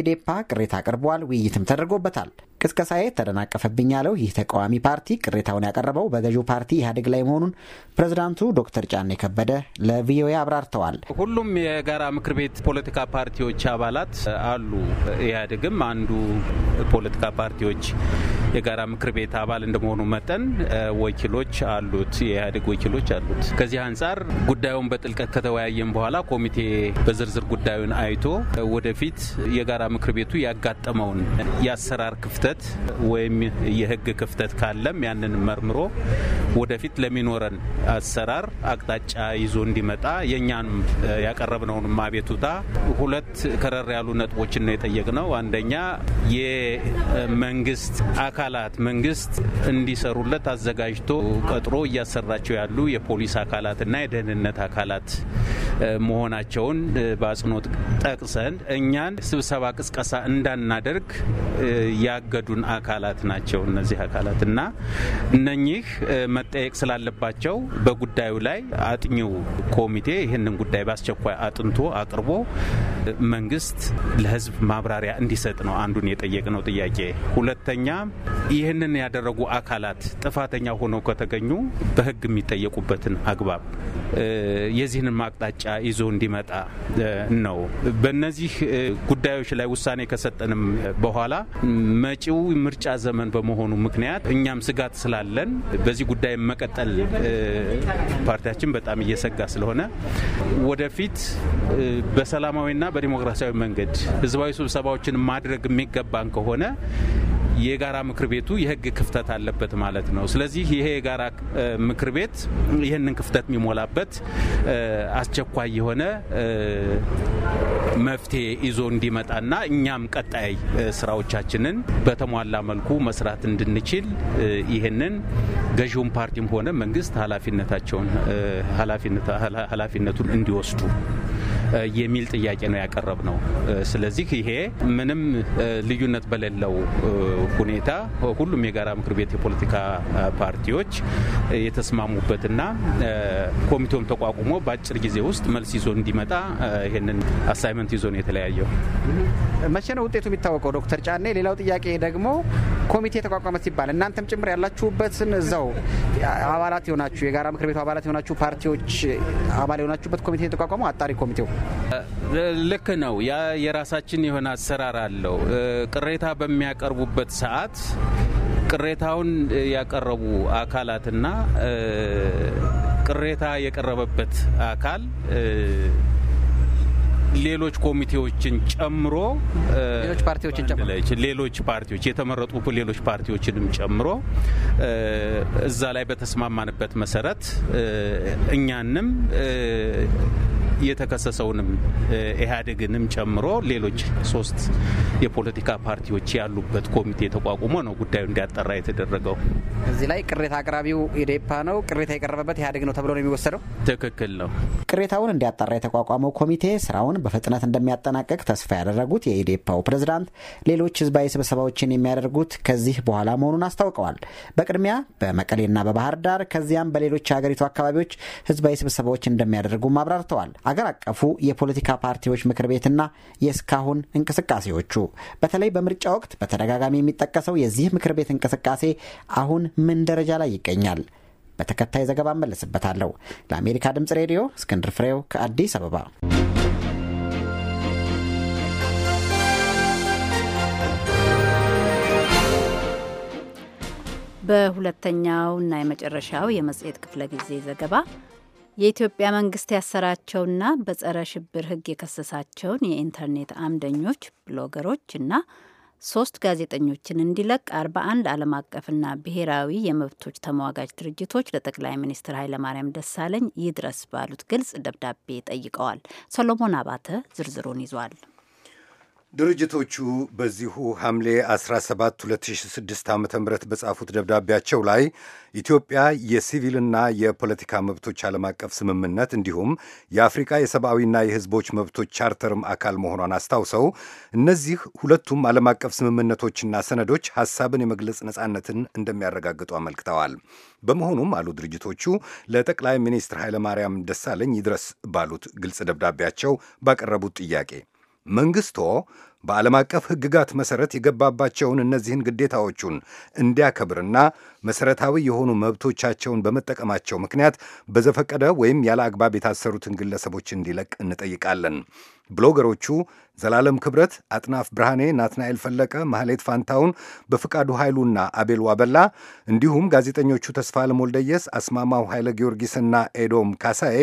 ኢዴፓ ቅሬታ አቅርበዋል። ውይይትም ተደርጎበታል። ቅስቀሳዬ ተደናቀፈብኝ ያለው ይህ ተቃዋሚ ፓርቲ ቅሬታውን ያቀረበው በገዢው ፓርቲ ኢህአዴግ ላይ መሆኑን ፕሬዝዳንቱ ዶክተር ጫኔ ከበደ ለቪኦኤ አብራርተዋል። ሁሉም የጋራ ምክር ቤት ፖለቲካ ፓርቲዎች አባላት አሉ። ኢህአዴግም አንዱ ፖለቲካ ፓርቲዎች የጋራ ምክር ቤት አባል እንደመሆኑ መጠን ወኪሎች አሉት፣ የኢህአዴግ ወኪሎች አሉት። ከዚህ አንጻር ጉዳዩን በጥልቀት ከተወያየም በኋላ ኮሚቴ በዝርዝር ጉዳዩን አይቶ ወደፊት የጋራ ምክር ቤቱ ያጋጠመውን የአሰራር ክፍተት ወይም የህግ ክፍተት ካለም ያንን መርምሮ ወደፊት ለሚኖረን አሰራር አቅጣጫ ይዞ እንዲመጣ የእኛን ያቀረብነውንም አቤቱታ ሁለት ከረር ያሉ ነጥቦችን ነው የጠየቅነው። አንደኛ የመንግስት አካል አካላት መንግስት እንዲሰሩለት አዘጋጅቶ ቀጥሮ እያሰራቸው ያሉ የፖሊስ አካላትና የደህንነት አካላት መሆናቸውን በአጽንኦት ጠቅሰን እኛን ስብሰባ ቅስቀሳ እንዳናደርግ ያገዱን አካላት ናቸው። እነዚህ አካላት እና እነኚህ መጠየቅ ስላለባቸው በጉዳዩ ላይ አጥኚው ኮሚቴ ይህንን ጉዳይ በአስቸኳይ አጥንቶ አቅርቦ መንግስት ለህዝብ ማብራሪያ እንዲሰጥ ነው አንዱን የጠየቅነው ጥያቄ። ሁለተኛ ይህንን ያደረጉ አካላት ጥፋተኛ ሆነው ከተገኙ በህግ የሚጠየቁበትን አግባብ የዚህን ማቅጣጫ ይዞ እንዲመጣ ነው። በነዚህ ጉዳዮች ላይ ውሳኔ ከሰጠንም በኋላ መጪው ምርጫ ዘመን በመሆኑ ምክንያት እኛም ስጋት ስላለን በዚህ ጉዳይ መቀጠል ፓርቲያችን በጣም እየሰጋ ስለሆነ ወደፊት በሰላማዊና በዲሞክራሲያዊ መንገድ ህዝባዊ ስብሰባዎችን ማድረግ የሚገባን ከሆነ የጋራ ምክር ቤቱ የህግ ክፍተት አለበት ማለት ነው። ስለዚህ ይሄ የጋራ ምክር ቤት ይህንን ክፍተት የሚሞላበት አስቸኳይ የሆነ መፍትሄ ይዞ እንዲመጣና እኛም ቀጣይ ስራዎቻችንን በተሟላ መልኩ መስራት እንድንችል ይህንን ገዢውን ፓርቲም ሆነ መንግስት ኃላፊነታቸውን ኃላፊነቱን እንዲወስዱ የሚል ጥያቄ ነው ያቀረብ ነው። ስለዚህ ይሄ ምንም ልዩነት በሌለው ሁኔታ ሁሉም የጋራ ምክር ቤት የፖለቲካ ፓርቲዎች የተስማሙበትና ኮሚቴውም ተቋቁሞ በአጭር ጊዜ ውስጥ መልስ ይዞ እንዲመጣ ይህንን አሳይመንት ይዞ ነው የተለያየው። መቼ ነው ውጤቱ የሚታወቀው? ዶክተር ጫኔ፣ ሌላው ጥያቄ ደግሞ ኮሚቴ ተቋቋመ ሲባል እናንተም ጭምር ያላችሁበትን እዛው አባላት የሆናችሁ የጋራ ምክር ቤቱ አባላት የሆናችሁ ፓርቲዎች አባል የሆናችሁበት ኮሚቴ የተቋቋመው አጣሪ ኮሚቴው ልክ ነው። ያ የራሳችን የሆነ አሰራር አለው። ቅሬታ በሚያቀርቡበት ሰዓት ቅሬታውን ያቀረቡ አካላትና ቅሬታ የቀረበበት አካል ሌሎች ኮሚቴዎችን ጨምሮ ሌሎች ፓርቲዎችን ጨምሮ ሌሎች ፓርቲዎች የተመረጡ ሌሎች ፓርቲዎችንም ጨምሮ እዛ ላይ በተስማማንበት መሰረት እኛንም የተከሰሰውንም ኢህአዴግንም ጨምሮ ሌሎች ሶስት የፖለቲካ ፓርቲዎች ያሉበት ኮሚቴ ተቋቁሞ ነው ጉዳዩ እንዲያጠራ የተደረገው። እዚህ ላይ ቅሬታ አቅራቢው ኢዴፓ ነው፣ ቅሬታ የቀረበበት ኢህአዴግ ነው ተብሎ ነው የሚወሰደው። ትክክል ነው። ቅሬታውን እንዲያጠራ የተቋቋመው ኮሚቴ ስራውን በፍጥነት እንደሚያጠናቀቅ ተስፋ ያደረጉት የኢዴፓው ፕሬዝዳንት ሌሎች ህዝባዊ ስብሰባዎችን የሚያደርጉት ከዚህ በኋላ መሆኑን አስታውቀዋል። በቅድሚያ በመቀሌና በባህር ዳር ከዚያም በሌሎች የሀገሪቱ አካባቢዎች ህዝባዊ ስብሰባዎች እንደሚያደርጉም አብራርተዋል። አገር አቀፉ የፖለቲካ ፓርቲዎች ምክር ቤትና የእስካሁን እንቅስቃሴዎቹ በተለይ በምርጫ ወቅት በተደጋጋሚ የሚጠቀሰው የዚህ ምክር ቤት እንቅስቃሴ አሁን ምን ደረጃ ላይ ይገኛል? በተከታይ ዘገባ እመለስበታለሁ። ለአሜሪካ ድምፅ ሬዲዮ እስክንድር ፍሬው ከአዲስ አበባ በሁለተኛው እና የመጨረሻው የመጽሔት ክፍለ ጊዜ ዘገባ የኢትዮጵያ መንግስት ያሰራቸውና በጸረ ሽብር ሕግ የከሰሳቸውን የኢንተርኔት አምደኞች ብሎገሮች እና ሶስት ጋዜጠኞችን እንዲለቅ አንድ ዓለም አቀፍና ብሔራዊ የመብቶች ተሟጋጅ ድርጅቶች ለጠቅላይ ሚኒስትር ኃይለማርያም ደሳለኝ ይድረስ ባሉት ግልጽ ደብዳቤ ጠይቀዋል። ሰሎሞን አባተ ዝርዝሩን ይዟል። ድርጅቶቹ በዚሁ ሐምሌ 17 2006 ዓ ም በጻፉት ደብዳቤያቸው ላይ ኢትዮጵያ የሲቪልና የፖለቲካ መብቶች ዓለም አቀፍ ስምምነት እንዲሁም የአፍሪቃ የሰብአዊና የሕዝቦች መብቶች ቻርተርም አካል መሆኗን አስታውሰው እነዚህ ሁለቱም ዓለም አቀፍ ስምምነቶችና ሰነዶች ሐሳብን የመግለጽ ነጻነትን እንደሚያረጋግጡ አመልክተዋል። በመሆኑም አሉ ድርጅቶቹ ለጠቅላይ ሚኒስትር ኃይለማርያም ደሳለኝ ይድረስ ባሉት ግልጽ ደብዳቤያቸው ባቀረቡት ጥያቄ መንግስቶ በዓለም አቀፍ ሕግጋት መሠረት የገባባቸውን እነዚህን ግዴታዎቹን እንዲያከብርና መሠረታዊ የሆኑ መብቶቻቸውን በመጠቀማቸው ምክንያት በዘፈቀደ ወይም ያለ አግባብ የታሰሩትን ግለሰቦች እንዲለቅ እንጠይቃለን። ብሎገሮቹ ዘላለም ክብረት፣ አጥናፍ ብርሃኔ፣ ናትናኤል ፈለቀ፣ ማህሌት ፋንታውን፣ በፍቃዱ ኃይሉና አቤል ዋበላ እንዲሁም ጋዜጠኞቹ ተስፋለም ወልደየስ፣ አስማማው ኃይለ ጊዮርጊስና ኤዶም ካሳዬ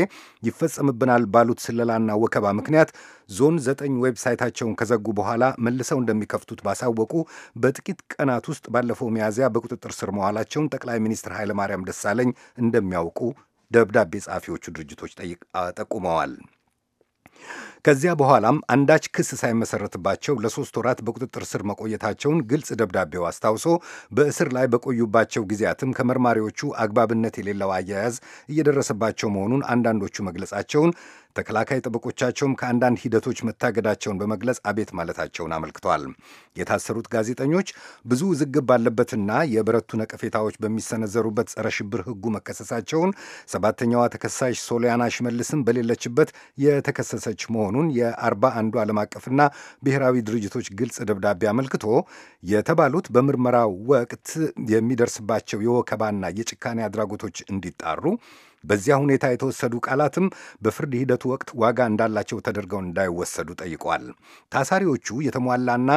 ይፈጸምብናል ባሉት ስለላና ወከባ ምክንያት ዞን ዘጠኝ ዌብሳይታቸውን ከዘጉ በኋላ በኋላ መልሰው እንደሚከፍቱት ባሳወቁ በጥቂት ቀናት ውስጥ ባለፈው ሚያዝያ በቁጥጥር ስር መዋላቸውን ጠቅላይ ሚኒስትር ኃይለማርያም ደሳለኝ እንደሚያውቁ ደብዳቤ ጸሐፊዎቹ ድርጅቶች ጠቁመዋል። ከዚያ በኋላም አንዳች ክስ ሳይመሰረትባቸው ለሶስት ወራት በቁጥጥር ስር መቆየታቸውን ግልጽ ደብዳቤው አስታውሶ በእስር ላይ በቆዩባቸው ጊዜያትም ከመርማሪዎቹ አግባብነት የሌለው አያያዝ እየደረሰባቸው መሆኑን አንዳንዶቹ መግለጻቸውን ተከላካይ ጠበቆቻቸውም ከአንዳንድ ሂደቶች መታገዳቸውን በመግለጽ አቤት ማለታቸውን አመልክተዋል። የታሰሩት ጋዜጠኞች ብዙ ውዝግብ ባለበትና የብረቱ ነቀፌታዎች በሚሰነዘሩበት ጸረ ሽብር ሕጉ መከሰሳቸውን፣ ሰባተኛዋ ተከሳሽ ሶሊያና ሽመልስም በሌለችበት የተከሰሰች መሆኑን የአርባ አንዱ ዓለም አቀፍና ብሔራዊ ድርጅቶች ግልጽ ደብዳቤ አመልክቶ የተባሉት በምርመራው ወቅት የሚደርስባቸው የወከባና የጭካኔ አድራጎቶች እንዲጣሩ በዚያ ሁኔታ የተወሰዱ ቃላትም በፍርድ ሂደቱ ወቅት ዋጋ እንዳላቸው ተደርገው እንዳይወሰዱ ጠይቋል። ታሳሪዎቹ የተሟላና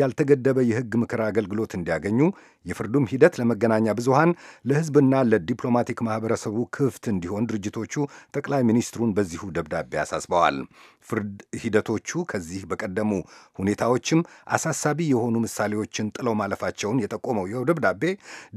ያልተገደበ የሕግ ምክር አገልግሎት እንዲያገኙ የፍርዱም ሂደት ለመገናኛ ብዙሃን ለሕዝብና ለዲፕሎማቲክ ማህበረሰቡ ክፍት እንዲሆን ድርጅቶቹ ጠቅላይ ሚኒስትሩን በዚሁ ደብዳቤ አሳስበዋል። ፍርድ ሂደቶቹ ከዚህ በቀደሙ ሁኔታዎችም አሳሳቢ የሆኑ ምሳሌዎችን ጥለው ማለፋቸውን የጠቆመው ይኸው ደብዳቤ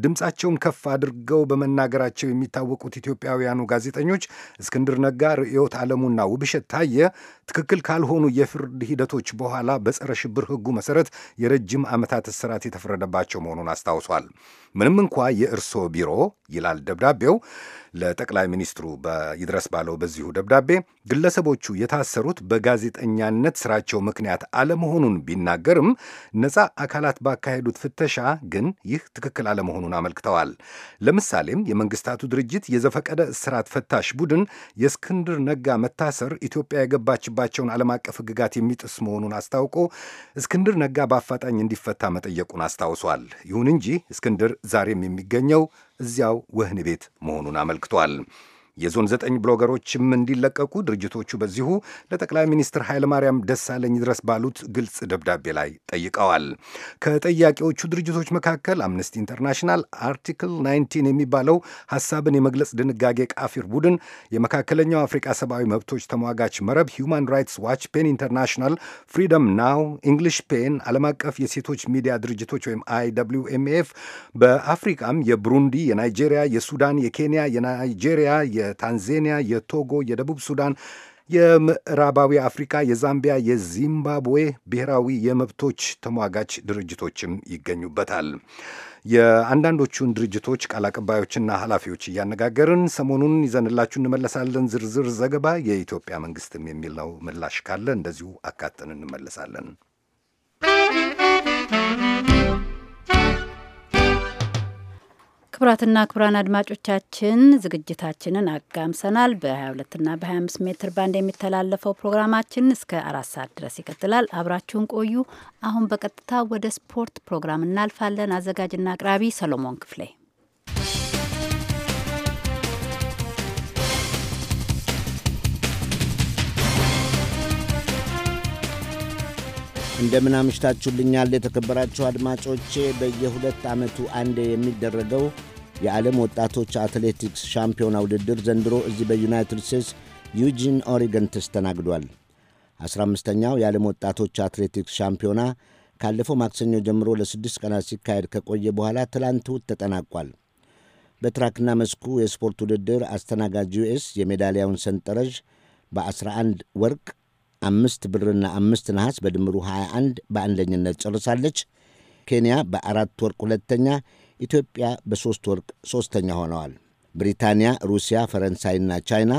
ድምፃቸውን ከፍ አድርገው በመናገራቸው የሚታወቁት ኢትዮጵያውያኑ ጋዜጠኞች እስክንድር ነጋ፣ ርዕዮት ዓለሙና ውብሸት ታየ ትክክል ካልሆኑ የፍርድ ሂደቶች በኋላ በጸረ ሽብር ሕጉ መሰረት የረጅም ዓመታት እስራት የተፈረደባቸው መሆኑን አስታውሷል። ምንም እንኳ የእርሶ ቢሮ ይላል ደብዳቤው ለጠቅላይ ሚኒስትሩ ይድረስ ባለው በዚሁ ደብዳቤ ግለሰቦቹ የታሰሩት በጋዜጠኛነት ስራቸው ምክንያት አለመሆኑን ቢናገርም ነፃ አካላት ባካሄዱት ፍተሻ ግን ይህ ትክክል አለመሆኑን አመልክተዋል። ለምሳሌም የመንግስታቱ ድርጅት የዘፈቀደ እስራት ፈታሽ ቡድን የእስክንድር ነጋ መታሰር ኢትዮጵያ የገባችባቸውን ዓለም አቀፍ ሕግጋት የሚጥስ መሆኑን አስታውቆ እስክንድር ነጋ በአፋጣኝ እንዲፈታ መጠየቁን አስታውሷል። ይሁን እንጂ እስክንድር ዛሬም የሚገኘው እዚያው ወህኒ ቤት መሆኑን አመልክቷል። የዞን ዘጠኝ ብሎገሮችም እንዲለቀቁ ድርጅቶቹ በዚሁ ለጠቅላይ ሚኒስትር ኃይለማርያም ደሳለኝ ድረስ ባሉት ግልጽ ደብዳቤ ላይ ጠይቀዋል። ከጠያቂዎቹ ድርጅቶች መካከል አምነስቲ ኢንተርናሽናል፣ አርቲክል 19 የሚባለው ሀሳብን የመግለጽ ድንጋጌ ቃፊር ቡድን፣ የመካከለኛው አፍሪቃ ሰብአዊ መብቶች ተሟጋች መረብ ሂውማን ራይትስ ዋች፣ ፔን ኢንተርናሽናል፣ ፍሪደም ናው፣ እንግሊሽ ፔን፣ ዓለም አቀፍ የሴቶች ሚዲያ ድርጅቶች ወይም አይ ደብሊው ኤም ኤፍ በአፍሪቃም የብሩንዲ፣ የናይጄሪያ፣ የሱዳን፣ የኬንያ፣ የናይጄሪያ የታንዜኒያ፣ የቶጎ፣ የደቡብ ሱዳን የምዕራባዊ አፍሪካ፣ የዛምቢያ፣ የዚምባብዌ ብሔራዊ የመብቶች ተሟጋች ድርጅቶችም ይገኙበታል። የአንዳንዶቹን ድርጅቶች ቃል አቀባዮችና ኃላፊዎች እያነጋገርን ሰሞኑን ይዘንላችሁ እንመለሳለን። ዝርዝር ዘገባ የኢትዮጵያ መንግስትም ነው ምላሽ ካለ እንደዚሁ አካተን እንመለሳለን። ክቡራትና ክቡራን አድማጮቻችን ዝግጅታችንን አጋምሰናል። በ22ና በ25 ሜትር ባንድ የሚተላለፈው ፕሮግራማችን እስከ አራት ሰዓት ድረስ ይቀጥላል። አብራችሁን ቆዩ። አሁን በቀጥታ ወደ ስፖርት ፕሮግራም እናልፋለን። አዘጋጅና አቅራቢ ሰሎሞን ክፍሌ እንደምን አምሽታችሁልኛል የተከበራችሁ አድማጮቼ። በየሁለት ዓመቱ አንዴ የሚደረገው የዓለም ወጣቶች አትሌቲክስ ሻምፒዮና ውድድር ዘንድሮ እዚህ በዩናይትድ ስቴትስ ዩጂን ኦሪገን ተስተናግዷል። 15ኛው የዓለም ወጣቶች አትሌቲክስ ሻምፒዮና ካለፈው ማክሰኞ ጀምሮ ለስድስት ቀናት ሲካሄድ ከቆየ በኋላ ትላንት እሁድ ተጠናቋል። በትራክና መስኩ የስፖርት ውድድር አስተናጋጅ ዩኤስ የሜዳሊያውን ሰንጠረዥ በ11 ወርቅ አምስት ብርና አምስት ነሐስ በድምሩ 21 በአንደኝነት ጨርሳለች። ኬንያ በአራት ወርቅ ሁለተኛ ኢትዮጵያ በሦስት ወርቅ ሦስተኛ ሆነዋል። ብሪታንያ፣ ሩሲያ፣ ፈረንሳይና ቻይና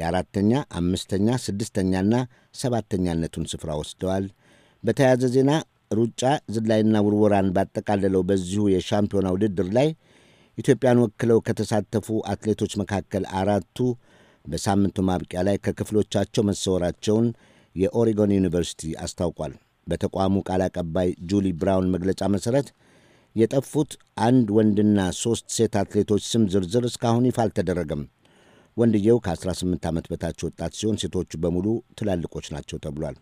የአራተኛ፣ አምስተኛ፣ ስድስተኛና ሰባተኛነቱን ስፍራ ወስደዋል። በተያያዘ ዜና ሩጫ፣ ዝላይና ውርወራን ባጠቃለለው በዚሁ የሻምፒዮና ውድድር ላይ ኢትዮጵያን ወክለው ከተሳተፉ አትሌቶች መካከል አራቱ በሳምንቱ ማብቂያ ላይ ከክፍሎቻቸው መሰወራቸውን የኦሪጎን ዩኒቨርሲቲ አስታውቋል። በተቋሙ ቃል አቀባይ ጁሊ ብራውን መግለጫ መሠረት የጠፉት አንድ ወንድና ሦስት ሴት አትሌቶች ስም ዝርዝር እስካሁን ይፋ አልተደረገም። ወንድየው ከ18 ዓመት በታች ወጣት ሲሆን ሴቶቹ በሙሉ ትላልቆች ናቸው ተብሏል።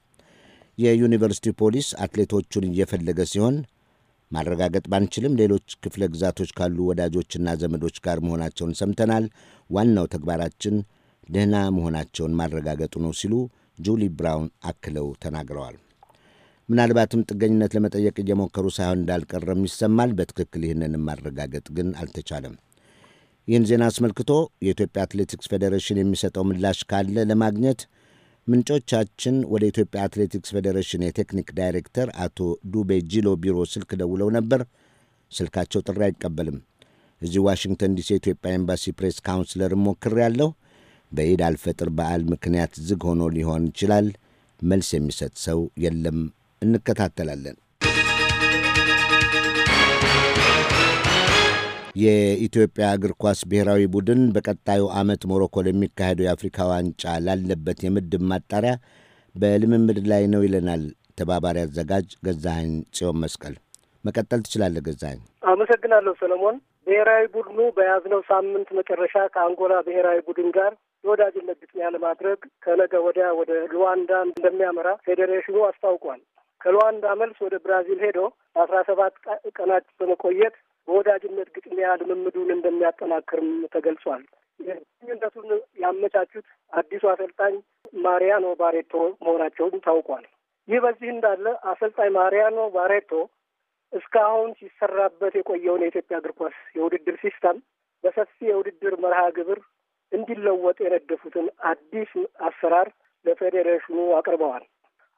የዩኒቨርሲቲ ፖሊስ አትሌቶቹን እየፈለገ ሲሆን ማረጋገጥ ባንችልም ሌሎች ክፍለ ግዛቶች ካሉ ወዳጆችና ዘመዶች ጋር መሆናቸውን ሰምተናል። ዋናው ተግባራችን ደህና መሆናቸውን ማረጋገጡ ነው ሲሉ ጁሊ ብራውን አክለው ተናግረዋል። ምናልባትም ጥገኝነት ለመጠየቅ እየሞከሩ ሳይሆን እንዳልቀረም ይሰማል። በትክክል ይህንን ማረጋገጥ ግን አልተቻለም። ይህን ዜና አስመልክቶ የኢትዮጵያ አትሌቲክስ ፌዴሬሽን የሚሰጠው ምላሽ ካለ ለማግኘት ምንጮቻችን ወደ ኢትዮጵያ አትሌቲክስ ፌዴሬሽን የቴክኒክ ዳይሬክተር አቶ ዱቤ ጂሎ ቢሮ ስልክ ደውለው ነበር። ስልካቸው ጥሪ አይቀበልም። እዚህ ዋሽንግተን ዲሲ የኢትዮጵያ ኤምባሲ ፕሬስ ካውንስለር ሞክር ያለው በኢድ አልፈጥር በዓል ምክንያት ዝግ ሆኖ ሊሆን ይችላል። መልስ የሚሰጥ ሰው የለም እንከታተላለን። የኢትዮጵያ እግር ኳስ ብሔራዊ ቡድን በቀጣዩ ዓመት ሞሮኮ ለሚካሄደው የአፍሪካ ዋንጫ ላለበት የምድብ ማጣሪያ በልምምድ ላይ ነው ይለናል ተባባሪ አዘጋጅ ገዛኸኝ ጽዮን መስቀል። መቀጠል ትችላለህ ገዛኸኝ። አመሰግናለሁ ሰለሞን። ብሔራዊ ቡድኑ በያዝነው ሳምንት መጨረሻ ከአንጎላ ብሔራዊ ቡድን ጋር የወዳጅነት ግጥሚያ ለማድረግ ከነገ ወዲያ ወደ ሉዋንዳ እንደሚያመራ ፌዴሬሽኑ አስታውቋል። ከሉዋንዳ መልስ ወደ ብራዚል ሄዶ በአስራ ሰባት ቀናት በመቆየት በወዳጅነት ግጥሚያ ልምምዱን እንደሚያጠናክርም ተገልጿል። ግንኙነቱን ያመቻቹት አዲሱ አሰልጣኝ ማሪያኖ ባሬቶ መሆናቸውም ታውቋል። ይህ በዚህ እንዳለ አሰልጣኝ ማሪያኖ ባሬቶ እስካሁን ሲሰራበት የቆየውን የኢትዮጵያ እግር ኳስ የውድድር ሲስተም በሰፊ የውድድር መርሃ ግብር እንዲለወጥ የነደፉትን አዲስ አሰራር ለፌዴሬሽኑ አቅርበዋል።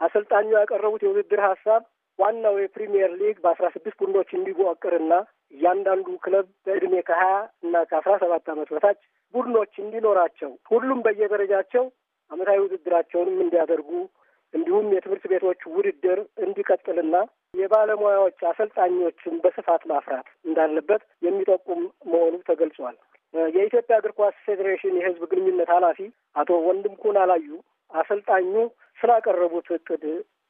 አሰልጣኙ ያቀረቡት የውድድር ሀሳብ ዋናው የፕሪሚየር ሊግ በአስራ ስድስት ቡድኖች እንዲዋቅርና እያንዳንዱ ክለብ በእድሜ ከሀያ እና ከአስራ ሰባት ዓመት በታች ቡድኖች እንዲኖራቸው ሁሉም በየደረጃቸው አመታዊ ውድድራቸውንም እንዲያደርጉ እንዲሁም የትምህርት ቤቶች ውድድር እንዲቀጥልና የባለሙያዎች አሰልጣኞችን በስፋት ማፍራት እንዳለበት የሚጠቁም መሆኑ ተገልጿል። የኢትዮጵያ እግር ኳስ ፌዴሬሽን የሕዝብ ግንኙነት ኃላፊ አቶ ወንድምኩን አላዩ አሰልጣኙ ስላቀረቡት እቅድ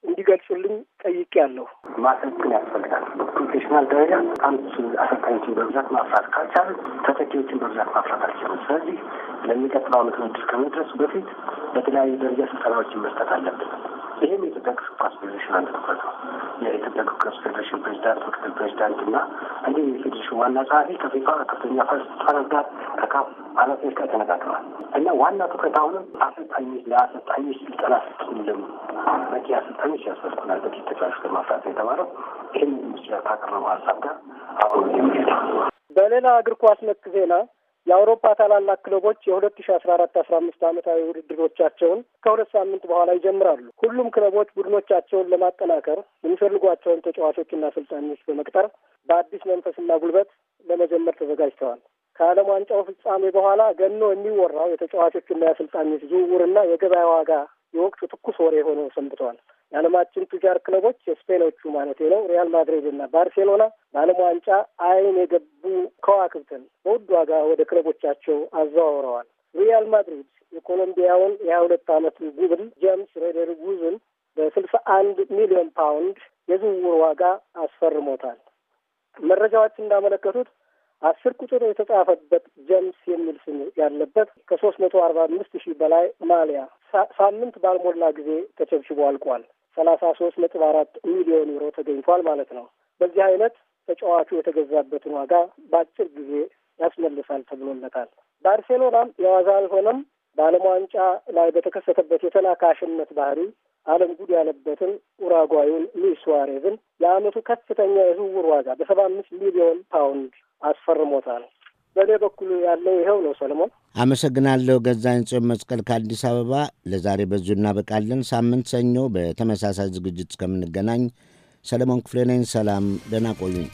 እንዲገልጹልኝ ጠይቄያለሁ። ማሰልጥን ያስፈልጋል። ፕሮፌሽናል ደረጃ አንዱ አሰልጣኞችን በብዛት ማፍራት ካልቻለ ተተኪዎችን በብዛት ማፍራት አልቻለም። ስለዚህ ለሚቀጥለው ዓመት ውድድር ከመድረሱ በፊት በተለያዩ ደረጃ ስልጠናዎችን መስጠት አለብን። ይህም የኢትዮጵያ እግር ኳስ ፌዴሬሽን አንድበት ነው። የኢትዮጵያ እግር ኳስ ፌዴሬሽን ፕሬዚዳንት፣ ምክትል ፕሬዚዳንት እና እንዲሁ የፌዴሬሽን ዋና ጸሐፊ ከፊፋ ከፍተኛ ባለስልጣናት ጋር ከካፍ ኃላፊዎች ጋር ተነጋግረዋል እና ዋና ትኩረት አሁንም አሰልጣኞች ለአሰልጣኞች ስልጠና ስጡልን፣ በቂ አሰልጣኞች ያስፈልጉናል፣ በቂ ተጫዋቾች ለማፍራት የተባለው ይህም ሚኒስትር ካቀረበው ሀሳብ ጋር አሁን የሚሄድ በሌላ እግር ኳስ ነክ ዜና የአውሮፓ ታላላቅ ክለቦች የሁለት ሺ አስራ አራት አስራ አምስት ዓመታዊ ውድድሮቻቸውን ከሁለት ሳምንት በኋላ ይጀምራሉ። ሁሉም ክለቦች ቡድኖቻቸውን ለማጠናከር የሚፈልጓቸውን ተጫዋቾችና አሰልጣኞች በመቅጠር በአዲስ መንፈስና ጉልበት ለመጀመር ተዘጋጅተዋል። ከዓለም ዋንጫው ፍጻሜ በኋላ ገኖ የሚወራው የተጫዋቾችና የአሰልጣኞች ዝውውርና የገበያ ዋጋ የወቅቱ ትኩስ ወሬ ሆኖ ሰንብተዋል። የዓለማችን ቱጃር ክለቦች የስፔኖቹ ማለት ነው ሪያል ማድሪድ እና ባርሴሎና በዓለም ዋንጫ አይን የገቡ ከዋክብትን በውድ ዋጋ ወደ ክለቦቻቸው አዘዋውረዋል። ሪያል ማድሪድ የኮሎምቢያውን የሀያ ሁለት ዓመት ጉብል ጀምስ ሬደር ጉዝን በስልሳ አንድ ሚሊዮን ፓውንድ የዝውውር ዋጋ አስፈርሞታል። መረጃዎች እንዳመለከቱት አስር ቁጥር የተጻፈበት ጀምስ የሚል ስም ያለበት ከሶስት መቶ አርባ አምስት ሺህ በላይ ማሊያ ሳምንት ባልሞላ ጊዜ ተቸብችቦ አልቋል። ሰላሳ ሶስት ነጥብ አራት ሚሊዮን ዩሮ ተገኝቷል ማለት ነው። በዚህ አይነት ተጫዋቹ የተገዛበትን ዋጋ በአጭር ጊዜ ያስመልሳል ተብሎለታል። ባርሴሎናም የዋዛ አልሆነም። በዓለም ዋንጫ ላይ በተከሰተበት የተናካሽነት ባህሪ ዓለም ጉድ ያለበትን ኡራጓዩን ሉዊስ ሱዋሬዝን የዓመቱ ከፍተኛ የዝውውር ዋጋ በሰባ አምስት ሚሊዮን ፓውንድ አስፈርሞታል። በእኔ በኩል ያለው ይኸው ነው። ሰለሞን አመሰግናለሁ። ገዛኝ ጽዮን መስቀል ከአዲስ አበባ። ለዛሬ በዚሁ እናበቃለን። ሳምንት ሰኞ በተመሳሳይ ዝግጅት እስከምንገናኝ ሰለሞን ክፍሌ ነኝ። ሰላም፣ ደህና ቆዩኝ።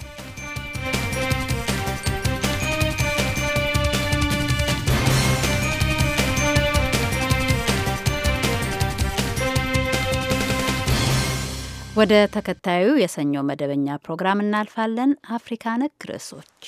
ወደ ተከታዩ የሰኞ መደበኛ ፕሮግራም እናልፋለን። አፍሪካ ነክ ርዕሶች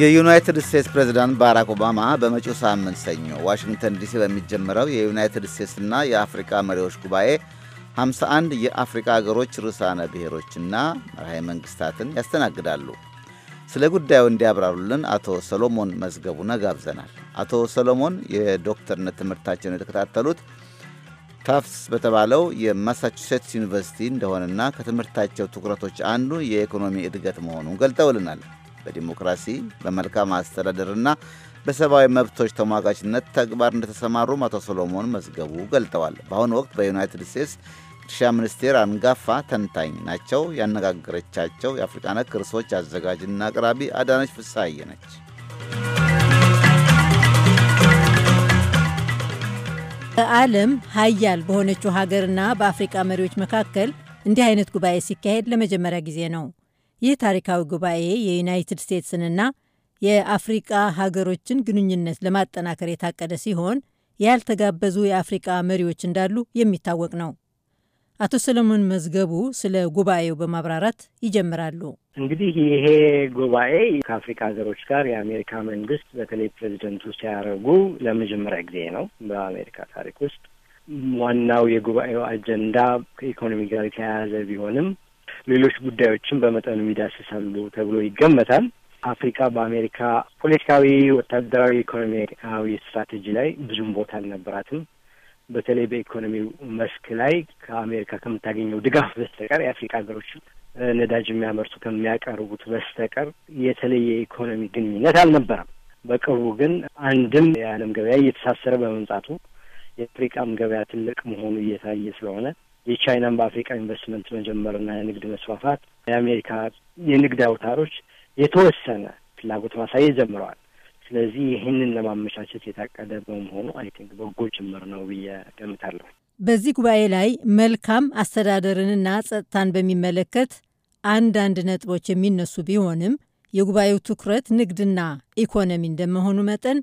የዩናይትድ ስቴትስ ፕሬዝዳንት ባራክ ኦባማ በመጪው ሳምንት ሰኞ ዋሽንግተን ዲሲ በሚጀምረው የዩናይትድ ስቴትስና የአፍሪካ መሪዎች ጉባኤ 51 የአፍሪካ አገሮች ርዕሳነ ብሔሮችና መርሃዊ መንግስታትን ያስተናግዳሉ። ስለ ጉዳዩ እንዲያብራሩልን አቶ ሰሎሞን መዝገቡን ጋብዘናል። አቶ ሰሎሞን የዶክተርነት ትምህርታቸውን የተከታተሉት ታፍስ በተባለው የማሳቹሴትስ ዩኒቨርሲቲ እንደሆነና ከትምህርታቸው ትኩረቶች አንዱ የኢኮኖሚ እድገት መሆኑን ገልጠውልናል። በዲሞክራሲ በመልካም አስተዳደርና በሰብአዊ መብቶች ተሟጋችነት ተግባር እንደተሰማሩም አቶ ሶሎሞን መዝገቡ ገልጠዋል። በአሁኑ ወቅት በዩናይትድ ስቴትስ እርሻ ሚኒስቴር አንጋፋ ተንታኝ ናቸው። ያነጋገረቻቸው የአፍሪቃ ነክ ርዕሶች አዘጋጅና አቅራቢ አዳነች ፍሳየ ነች። በዓለም ሀያል በሆነችው ሀገርና በአፍሪቃ መሪዎች መካከል እንዲህ አይነት ጉባኤ ሲካሄድ ለመጀመሪያ ጊዜ ነው። ይህ ታሪካዊ ጉባኤ የዩናይትድ ስቴትስንና የአፍሪቃ ሀገሮችን ግንኙነት ለማጠናከር የታቀደ ሲሆን ያልተጋበዙ የአፍሪቃ መሪዎች እንዳሉ የሚታወቅ ነው። አቶ ሰለሞን መዝገቡ ስለ ጉባኤው በማብራራት ይጀምራሉ። እንግዲህ ይሄ ጉባኤ ከአፍሪካ ሀገሮች ጋር የአሜሪካ መንግስት በተለይ ፕሬዚደንቱ ሲያደርጉ ለመጀመሪያ ጊዜ ነው በአሜሪካ ታሪክ ውስጥ። ዋናው የጉባኤው አጀንዳ ከኢኮኖሚ ጋር የተያያዘ ቢሆንም ሌሎች ጉዳዮችን በመጠኑ ይዳስሳሉ ተብሎ ይገመታል። አፍሪካ በአሜሪካ ፖለቲካዊ፣ ወታደራዊ፣ ኢኮኖሚያዊ ስትራቴጂ ላይ ብዙም ቦታ አልነበራትም። በተለይ በኢኮኖሚው መስክ ላይ ከአሜሪካ ከምታገኘው ድጋፍ በስተቀር የአፍሪካ ሀገሮች ነዳጅ የሚያመርቱ ከሚያቀርቡት በስተቀር የተለየ የኢኮኖሚ ግንኙነት አልነበረም። በቅርቡ ግን አንድም የዓለም ገበያ እየተሳሰረ በመምጣቱ የአፍሪቃም ገበያ ትልቅ መሆኑ እየታየ ስለሆነ የቻይናን በአፍሪካ ኢንቨስትመንት መጀመርና የንግድ መስፋፋት የአሜሪካ የንግድ አውታሮች የተወሰነ ፍላጎት ማሳየት ጀምረዋል። ስለዚህ ይህንን ለማመቻቸት የታቀደ በመሆኑ አይ ቲንክ በጎ ጅምር ነው ብዬ ገምታለሁ። በዚህ ጉባኤ ላይ መልካም አስተዳደርንና ጸጥታን በሚመለከት አንዳንድ ነጥቦች የሚነሱ ቢሆንም የጉባኤው ትኩረት ንግድና ኢኮኖሚ እንደመሆኑ መጠን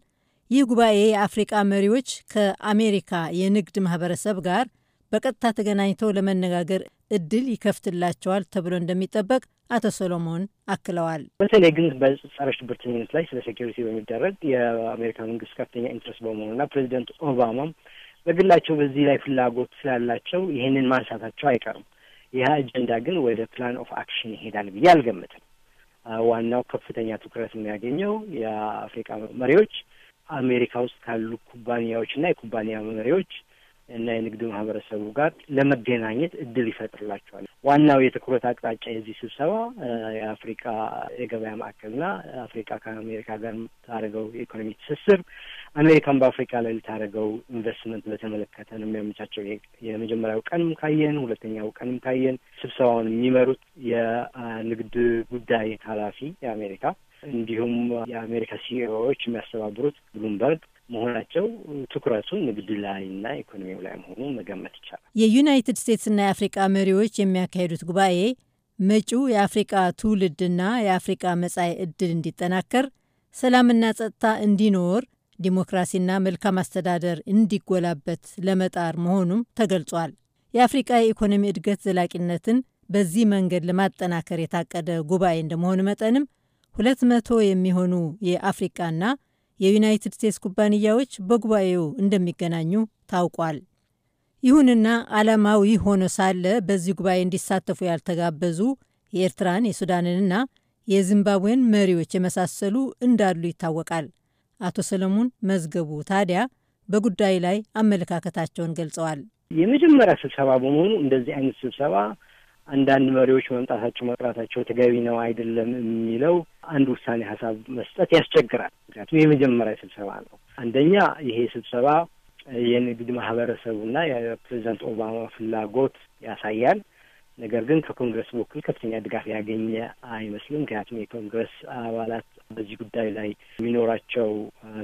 ይህ ጉባኤ የአፍሪቃ መሪዎች ከአሜሪካ የንግድ ማህበረሰብ ጋር በቀጥታ ተገናኝተው ለመነጋገር እድል ይከፍትላቸዋል ተብሎ እንደሚጠበቅ አቶ ሶሎሞን አክለዋል። በተለይ ግን በጸረ ሽብርተኝነት ላይ ስለ ሴኪሪቲ በሚደረግ የአሜሪካ መንግስት ከፍተኛ ኢንትረስት በመሆኑና ፕሬዚደንት ኦባማም በግላቸው በዚህ ላይ ፍላጎት ስላላቸው ይህንን ማንሳታቸው አይቀርም። ይህ አጀንዳ ግን ወደ ፕላን ኦፍ አክሽን ይሄዳል ብዬ አልገምትም። ዋናው ከፍተኛ ትኩረት የሚያገኘው የአፍሪካ መሪዎች አሜሪካ ውስጥ ካሉ ኩባንያዎችና የኩባንያ መሪዎች እና የንግድ ማህበረሰቡ ጋር ለመገናኘት እድል ይፈጥርላቸዋል። ዋናው የትኩረት አቅጣጫ የዚህ ስብሰባ የአፍሪካ የገበያ ማዕከልና አፍሪካ ከአሜሪካ ጋር የምታደርገው የኢኮኖሚ ትስስር አሜሪካን በአፍሪካ ላይ ልታደርገው ኢንቨስትመንት በተመለከተ ነው የሚያመቻቸው። የመጀመሪያው ቀንም ካየን፣ ሁለተኛው ቀንም ካየን ስብሰባውን የሚመሩት የንግድ ጉዳይ ኃላፊ የአሜሪካ እንዲሁም የአሜሪካ ሲኦዎች የሚያስተባብሩት ብሉምበርግ መሆናቸው ትኩረቱ ንግድ ላይና ኢኮኖሚው ላይ መሆኑ መገመት ይቻላል። የዩናይትድ ስቴትስና የአፍሪቃ መሪዎች የሚያካሂዱት ጉባኤ መጪው የአፍሪቃ ትውልድና የአፍሪቃ መጻኢ እድል እንዲጠናከር፣ ሰላምና ጸጥታ እንዲኖር፣ ዲሞክራሲና መልካም አስተዳደር እንዲጎላበት ለመጣር መሆኑም ተገልጿል። የአፍሪቃ የኢኮኖሚ እድገት ዘላቂነትን በዚህ መንገድ ለማጠናከር የታቀደ ጉባኤ እንደመሆኑ መጠንም ሁለት መቶ የሚሆኑ የአፍሪቃና የዩናይትድ ስቴትስ ኩባንያዎች በጉባኤው እንደሚገናኙ ታውቋል። ይሁንና ዓላማዊ ሆኖ ሳለ በዚህ ጉባኤ እንዲሳተፉ ያልተጋበዙ የኤርትራን የሱዳንንና የዚምባብዌን መሪዎች የመሳሰሉ እንዳሉ ይታወቃል። አቶ ሰለሞን መዝገቡ ታዲያ በጉዳዩ ላይ አመለካከታቸውን ገልጸዋል። የመጀመሪያ ስብሰባ በመሆኑ እንደዚህ አይነት ስብሰባ አንዳንድ መሪዎች መምጣታቸው መቅራታቸው ተገቢ ነው አይደለም የሚለው አንድ ውሳኔ ሀሳብ መስጠት ያስቸግራል። ምክንያቱም የመጀመሪያ ስብሰባ ነው። አንደኛ ይሄ ስብሰባ የንግድ ማህበረሰቡና የፕሬዚዳንት ኦባማ ፍላጎት ያሳያል። ነገር ግን ከኮንግረስ በኩል ከፍተኛ ድጋፍ ያገኘ አይመስልም። ምክንያቱም የኮንግረስ አባላት በዚህ ጉዳይ ላይ የሚኖራቸው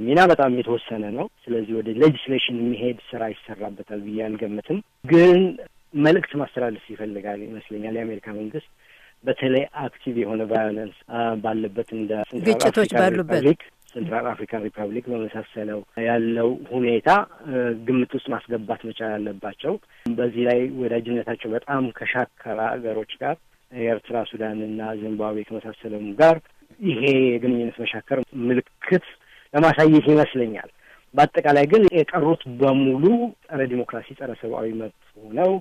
ሚና በጣም የተወሰነ ነው። ስለዚህ ወደ ሌጅስሌሽን የሚሄድ ስራ ይሰራበታል ብዬ አልገምትም። ግን መልእክት ማስተላለፍ ይፈልጋል ይመስለኛል የአሜሪካ መንግስት በተለይ አክቲቭ የሆነ ቫዮለንስ ባለበት እንደ ግጭቶች ባሉበት ሴንትራል አፍሪካን ሪፐብሊክ በመሳሰለው ያለው ሁኔታ ግምት ውስጥ ማስገባት መቻል አለባቸው። በዚህ ላይ ወዳጅነታቸው በጣም ከሻከረ ሀገሮች ጋር ኤርትራ፣ እና ዚምባብዌ ከመሳሰለም ጋር ይሄ የግንኙነት መሻከር ምልክት ለማሳየት ይመስለኛል በአጠቃላይ ግን የቀሩት በሙሉ ጸረ ዲሞክራሲ፣ ጸረ ሰብአዊ መብት ሆነው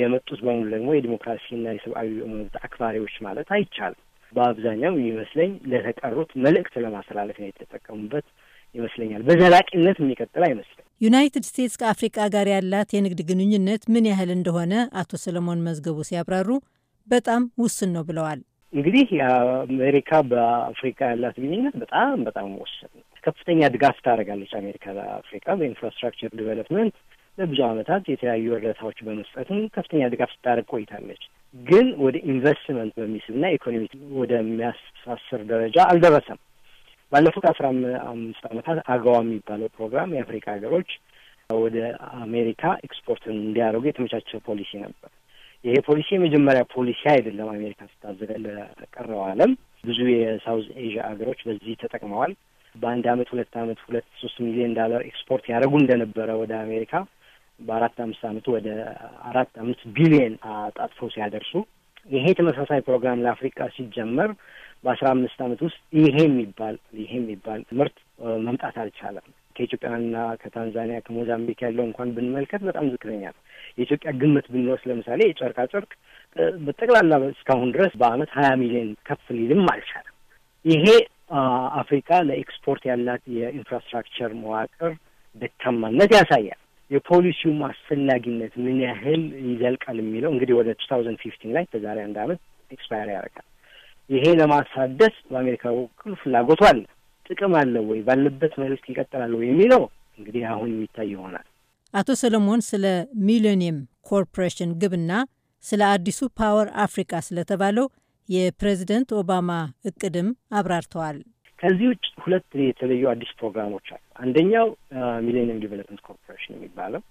የመጡት በሙሉ ደግሞ የዲሞክራሲና የሰብአዊ መብት አክባሪዎች ማለት አይቻልም። በአብዛኛው ይመስለኝ ለተቀሩት መልእክት ለማስተላለፍ ነው የተጠቀሙበት ይመስለኛል። በዘላቂነት የሚቀጥል አይመስለኝ። ዩናይትድ ስቴትስ ከአፍሪቃ ጋር ያላት የንግድ ግንኙነት ምን ያህል እንደሆነ አቶ ሰለሞን መዝገቡ ሲያብራሩ በጣም ውስን ነው ብለዋል። እንግዲህ የአሜሪካ በአፍሪካ ያላት ግንኙነት በጣም በጣም ውስን ነው። ከፍተኛ ድጋፍ ታደርጋለች አሜሪካ ለአፍሪካ በኢንፍራስትራክቸር ዲቨሎፕመንት ለብዙ ዓመታት የተለያዩ እርዳታዎች በመስጠትም ከፍተኛ ድጋፍ ስታደርግ ቆይታለች። ግን ወደ ኢንቨስትመንት በሚስብና ኢኮኖሚ ወደሚያሳስር ደረጃ አልደረሰም። ባለፉት አስራ አምስት ዓመታት አገዋ የሚባለው ፕሮግራም የአፍሪካ ሀገሮች ወደ አሜሪካ ኤክስፖርትን እንዲያደርጉ የተመቻቸ ፖሊሲ ነበር። ይሄ ፖሊሲ የመጀመሪያ ፖሊሲ አይደለም። አሜሪካ ስታዘ ለቀረው ዓለም ብዙ የሳውዝ ኤዥያ ሀገሮች በዚህ ተጠቅመዋል። በአንድ አመት ሁለት አመት ሁለት ሶስት ሚሊዮን ዳላር ኤክስፖርት ያደረጉ እንደነበረ ወደ አሜሪካ በአራት አምስት አመቱ ወደ አራት አምስት ቢሊየን አጣጥፈው ሲያደርሱ ይሄ ተመሳሳይ ፕሮግራም ለአፍሪካ ሲጀመር በአስራ አምስት አመት ውስጥ ይሄ የሚባል ይሄ የሚባል ምርት መምጣት አልቻለም። ከኢትዮጵያና ከታንዛኒያ ከሞዛምቢክ ያለው እንኳን ብንመልከት በጣም ዝቅተኛ ነው። የኢትዮጵያ ግምት ብንወስድ ለምሳሌ የጨርቃ ጨርቅ በጠቅላላ እስካሁን ድረስ በአመት ሀያ ሚሊዮን ከፍ ሊልም አልቻለም። ይሄ አፍሪካ ለኤክስፖርት ያላት የኢንፍራስትራክቸር መዋቅር ደካማነት ያሳያል። የፖሊሲውም አስፈላጊነት ምን ያህል ይዘልቃል የሚለው እንግዲህ ወደ ቱ ታውዘንድ ፊፍቲን ላይ ከዛሬ አንድ አመት ኤክስፓየር ያደርጋል። ይሄ ለማሳደስ በአሜሪካ በኩል ፍላጎቱ አለ። ጥቅም አለው ወይ ባለበት መልክ ይቀጥላል ወይ የሚለው እንግዲህ አሁን የሚታይ ይሆናል። አቶ ሰለሞን ስለ ሚሊኒየም ኮርፖሬሽን ግብና ስለ አዲሱ ፓወር አፍሪካ ስለተባለው የፕሬዝደንት ኦባማ እቅድም አብራርተዋል። ከዚህ ውጭ ሁለት የተለዩ አዲስ ፕሮግራሞች አሉ። አንደኛው ሚሌኒየም ዲቨሎፕመንት ኮርፖሬሽን የሚባለው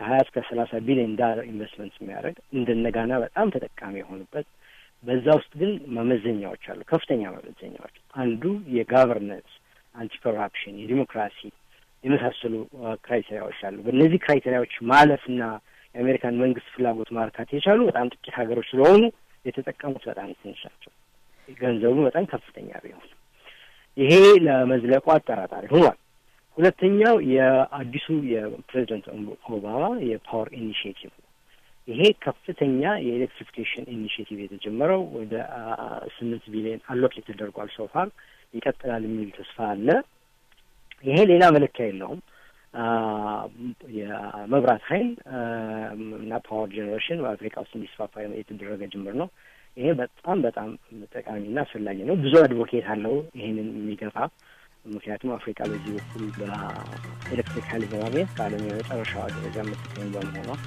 ከሀያ እስከ ሰላሳ ቢሊዮን ዳላር ኢንቨስትመንት የሚያደርግ እንደነጋና በጣም ተጠቃሚ የሆኑበት በዛ ውስጥ ግን መመዘኛዎች አሉ፣ ከፍተኛ መመዘኛዎች። አንዱ የጋቨርነንስ አንቲ ኮራፕሽን፣ የዲሞክራሲ የመሳሰሉ ክራይቴሪያዎች አሉ። በእነዚህ ክራይቴሪያዎች ማለፍና የአሜሪካን መንግስት ፍላጎት ማርካት የቻሉ በጣም ጥቂት ሀገሮች ስለሆኑ የተጠቀሙት በጣም ትንሽ ናቸው። ገንዘቡ በጣም ከፍተኛ ቢሆን ይሄ ለመዝለቁ አጠራጣሪ ሆኗል። ሁለተኛው የአዲሱ የፕሬዚደንት ኦባማ የፓወር ኢኒሽቲቭ ነው። ይሄ ከፍተኛ የኤሌክትሪፊኬሽን ኢኒሽቲቭ የተጀመረው ወደ ስምንት ቢሊዮን አሎኬት ተደርጓል። ሶፋር ይቀጥላል የሚል ተስፋ አለ። ይሄ ሌላ መለኪያ የለውም። የመብራት ኃይል እና ፓወር ጀኔሬሽን በአፍሪካ ውስጥ እንዲስፋፋ የተደረገ ጅምር ነው። ይሄ በጣም በጣም ጠቃሚና አስፈላጊ ነው። ብዙ አድቮኬት አለው ይሄንን የሚገፋ ምክንያቱም አፍሪካ በዚህ በኩል በኤሌክትሪክ ኃይል በማግኘት ከዓለም የመጨረሻዋ ደረጃ የምትገኝ በመሆኗ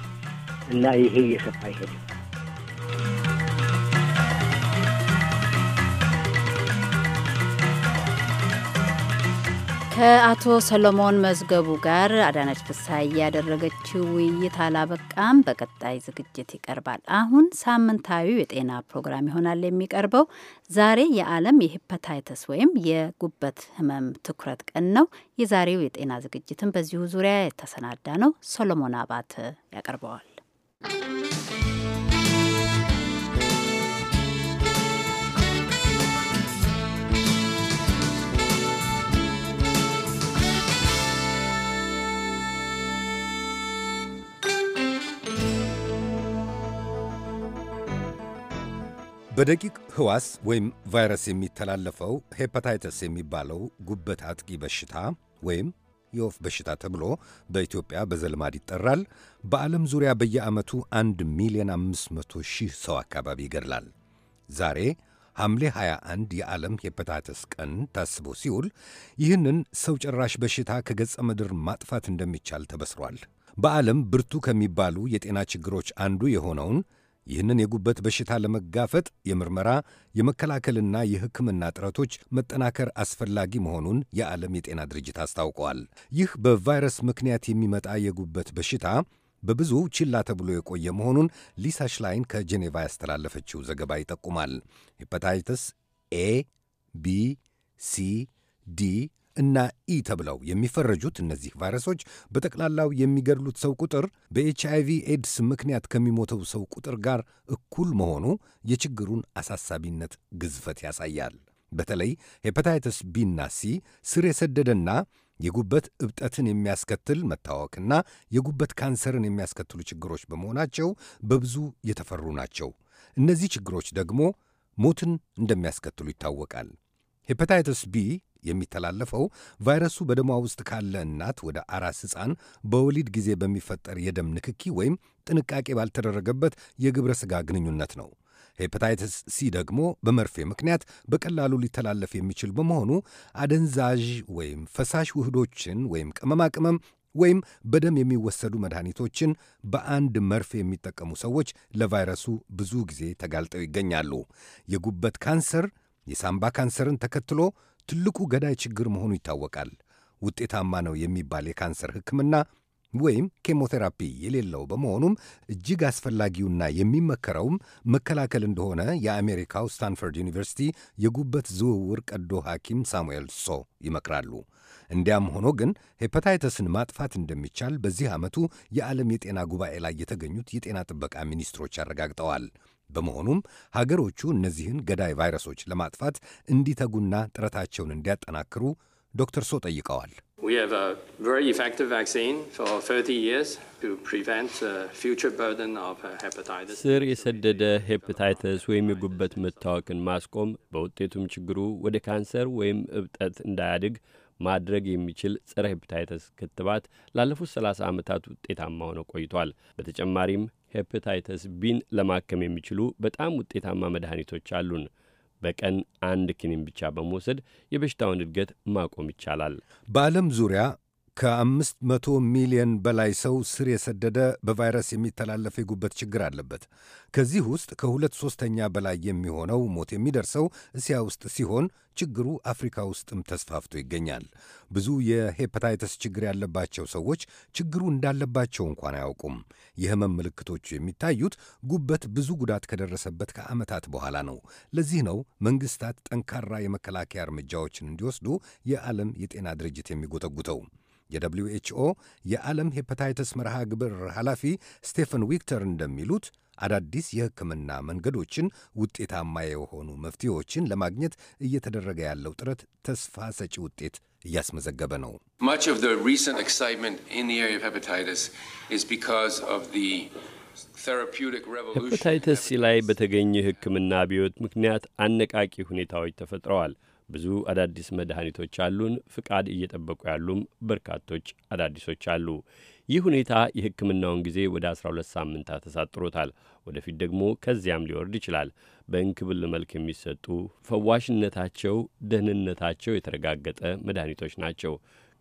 እና ይሄ እየሰፋ ይሄድ ከአቶ ሰሎሞን መዝገቡ ጋር አዳነች ፍሳይ ያደረገችው ውይይት አላበቃም፣ በቀጣይ ዝግጅት ይቀርባል። አሁን ሳምንታዊው የጤና ፕሮግራም ይሆናል የሚቀርበው። ዛሬ የዓለም የሂፐታይተስ ወይም የጉበት ህመም ትኩረት ቀን ነው። የዛሬው የጤና ዝግጅትም በዚሁ ዙሪያ የተሰናዳ ነው። ሰሎሞን አባተ ያቀርበዋል። በደቂቅ ህዋስ ወይም ቫይረስ የሚተላለፈው ሄፓታይተስ የሚባለው ጉበት አጥቂ በሽታ ወይም የወፍ በሽታ ተብሎ በኢትዮጵያ በዘልማድ ይጠራል። በዓለም ዙሪያ በየዓመቱ 1 ሚሊዮን 500 ሺህ ሰው አካባቢ ይገድላል። ዛሬ ሐምሌ 21 የዓለም ሄፓታይተስ ቀን ታስቦ ሲውል ይህንን ሰው ጨራሽ በሽታ ከገጸ ምድር ማጥፋት እንደሚቻል ተበስሯል። በዓለም ብርቱ ከሚባሉ የጤና ችግሮች አንዱ የሆነውን ይህንን የጉበት በሽታ ለመጋፈጥ የምርመራ የመከላከልና የሕክምና ጥረቶች መጠናከር አስፈላጊ መሆኑን የዓለም የጤና ድርጅት አስታውቀዋል። ይህ በቫይረስ ምክንያት የሚመጣ የጉበት በሽታ በብዙ ችላ ተብሎ የቆየ መሆኑን ሊሳ ሽላይን ከጄኔቫ ያስተላለፈችው ዘገባ ይጠቁማል። ሄፓታይተስ ኤ፣ ቢ፣ ሲ፣ ዲ እና ኢ ተብለው የሚፈረጁት እነዚህ ቫይረሶች በጠቅላላው የሚገድሉት ሰው ቁጥር በኤችአይቪ ኤድስ ምክንያት ከሚሞተው ሰው ቁጥር ጋር እኩል መሆኑ የችግሩን አሳሳቢነት ግዝፈት ያሳያል። በተለይ ሄፓታይተስ ቢና ሲ ስር የሰደደና የጉበት እብጠትን የሚያስከትል መታወክና የጉበት ካንሰርን የሚያስከትሉ ችግሮች በመሆናቸው በብዙ የተፈሩ ናቸው። እነዚህ ችግሮች ደግሞ ሞትን እንደሚያስከትሉ ይታወቃል። ሄፓታይተስ ቢ የሚተላለፈው ቫይረሱ በደሟ ውስጥ ካለ እናት ወደ አራስ ሕፃን በወሊድ ጊዜ በሚፈጠር የደም ንክኪ ወይም ጥንቃቄ ባልተደረገበት የግብረ ሥጋ ግንኙነት ነው። ሄፓታይተስ ሲ ደግሞ በመርፌ ምክንያት በቀላሉ ሊተላለፍ የሚችል በመሆኑ አደንዛዥ ወይም ፈሳሽ ውህዶችን ወይም ቅመማ ቅመም ወይም በደም የሚወሰዱ መድኃኒቶችን በአንድ መርፌ የሚጠቀሙ ሰዎች ለቫይረሱ ብዙ ጊዜ ተጋልጠው ይገኛሉ። የጉበት ካንሰር የሳምባ ካንሰርን ተከትሎ ትልቁ ገዳይ ችግር መሆኑ ይታወቃል። ውጤታማ ነው የሚባል የካንሰር ሕክምና ወይም ኬሞቴራፒ የሌለው በመሆኑም እጅግ አስፈላጊውና የሚመከረውም መከላከል እንደሆነ የአሜሪካው ስታንፈርድ ዩኒቨርሲቲ የጉበት ዝውውር ቀዶ ሐኪም ሳሙኤል ሶ ይመክራሉ። እንዲያም ሆኖ ግን ሄፓታይተስን ማጥፋት እንደሚቻል በዚህ ዓመቱ የዓለም የጤና ጉባኤ ላይ የተገኙት የጤና ጥበቃ ሚኒስትሮች አረጋግጠዋል። በመሆኑም ሀገሮቹ እነዚህን ገዳይ ቫይረሶች ለማጥፋት እንዲተጉና ጥረታቸውን እንዲያጠናክሩ ዶክተር ሶ ጠይቀዋል። uh, uh, ስር የሰደደ ሄፕታይተስ ወይም የጉበት መታወክን ማስቆም በውጤቱም ችግሩ ወደ ካንሰር ወይም እብጠት እንዳያድግ ማድረግ የሚችል ጸረ ሄፕታይተስ ክትባት ላለፉት 30 ዓመታት ውጤታማ ሆኖ ቆይቷል። በተጨማሪም ሄፕታይተስ ቢን ለማከም የሚችሉ በጣም ውጤታማ መድኃኒቶች አሉን። በቀን አንድ ክኒን ብቻ በመውሰድ የበሽታውን እድገት ማቆም ይቻላል። በዓለም ዙሪያ ከአምስት መቶ ሚሊዮን በላይ ሰው ስር የሰደደ በቫይረስ የሚተላለፍ የጉበት ችግር አለበት። ከዚህ ውስጥ ከሁለት ሦስተኛ በላይ የሚሆነው ሞት የሚደርሰው እስያ ውስጥ ሲሆን ችግሩ አፍሪካ ውስጥም ተስፋፍቶ ይገኛል። ብዙ የሄፓታይተስ ችግር ያለባቸው ሰዎች ችግሩ እንዳለባቸው እንኳን አያውቁም። የህመም ምልክቶቹ የሚታዩት ጉበት ብዙ ጉዳት ከደረሰበት ከዓመታት በኋላ ነው። ለዚህ ነው መንግስታት ጠንካራ የመከላከያ እርምጃዎችን እንዲወስዱ የዓለም የጤና ድርጅት የሚጎተጉተው። የደብሊው ኤችኦ የዓለም ሄፐታይተስ መርሃ ግብር ኃላፊ ስቴፈን ዊክተር እንደሚሉት አዳዲስ የሕክምና መንገዶችን፣ ውጤታማ የሆኑ መፍትሄዎችን ለማግኘት እየተደረገ ያለው ጥረት ተስፋ ሰጪ ውጤት እያስመዘገበ ነው። ሄፐታይተስ ሲ ላይ በተገኘ ሕክምና አብዮት ምክንያት አነቃቂ ሁኔታዎች ተፈጥረዋል። ብዙ አዳዲስ መድኃኒቶች አሉን። ፍቃድ እየጠበቁ ያሉም በርካቶች አዳዲሶች አሉ። ይህ ሁኔታ የሕክምናውን ጊዜ ወደ 12 ሳምንታት ተሳጥሮታል። ወደፊት ደግሞ ከዚያም ሊወርድ ይችላል። በእንክብል መልክ የሚሰጡ ፈዋሽነታቸው፣ ደህንነታቸው የተረጋገጠ መድኃኒቶች ናቸው።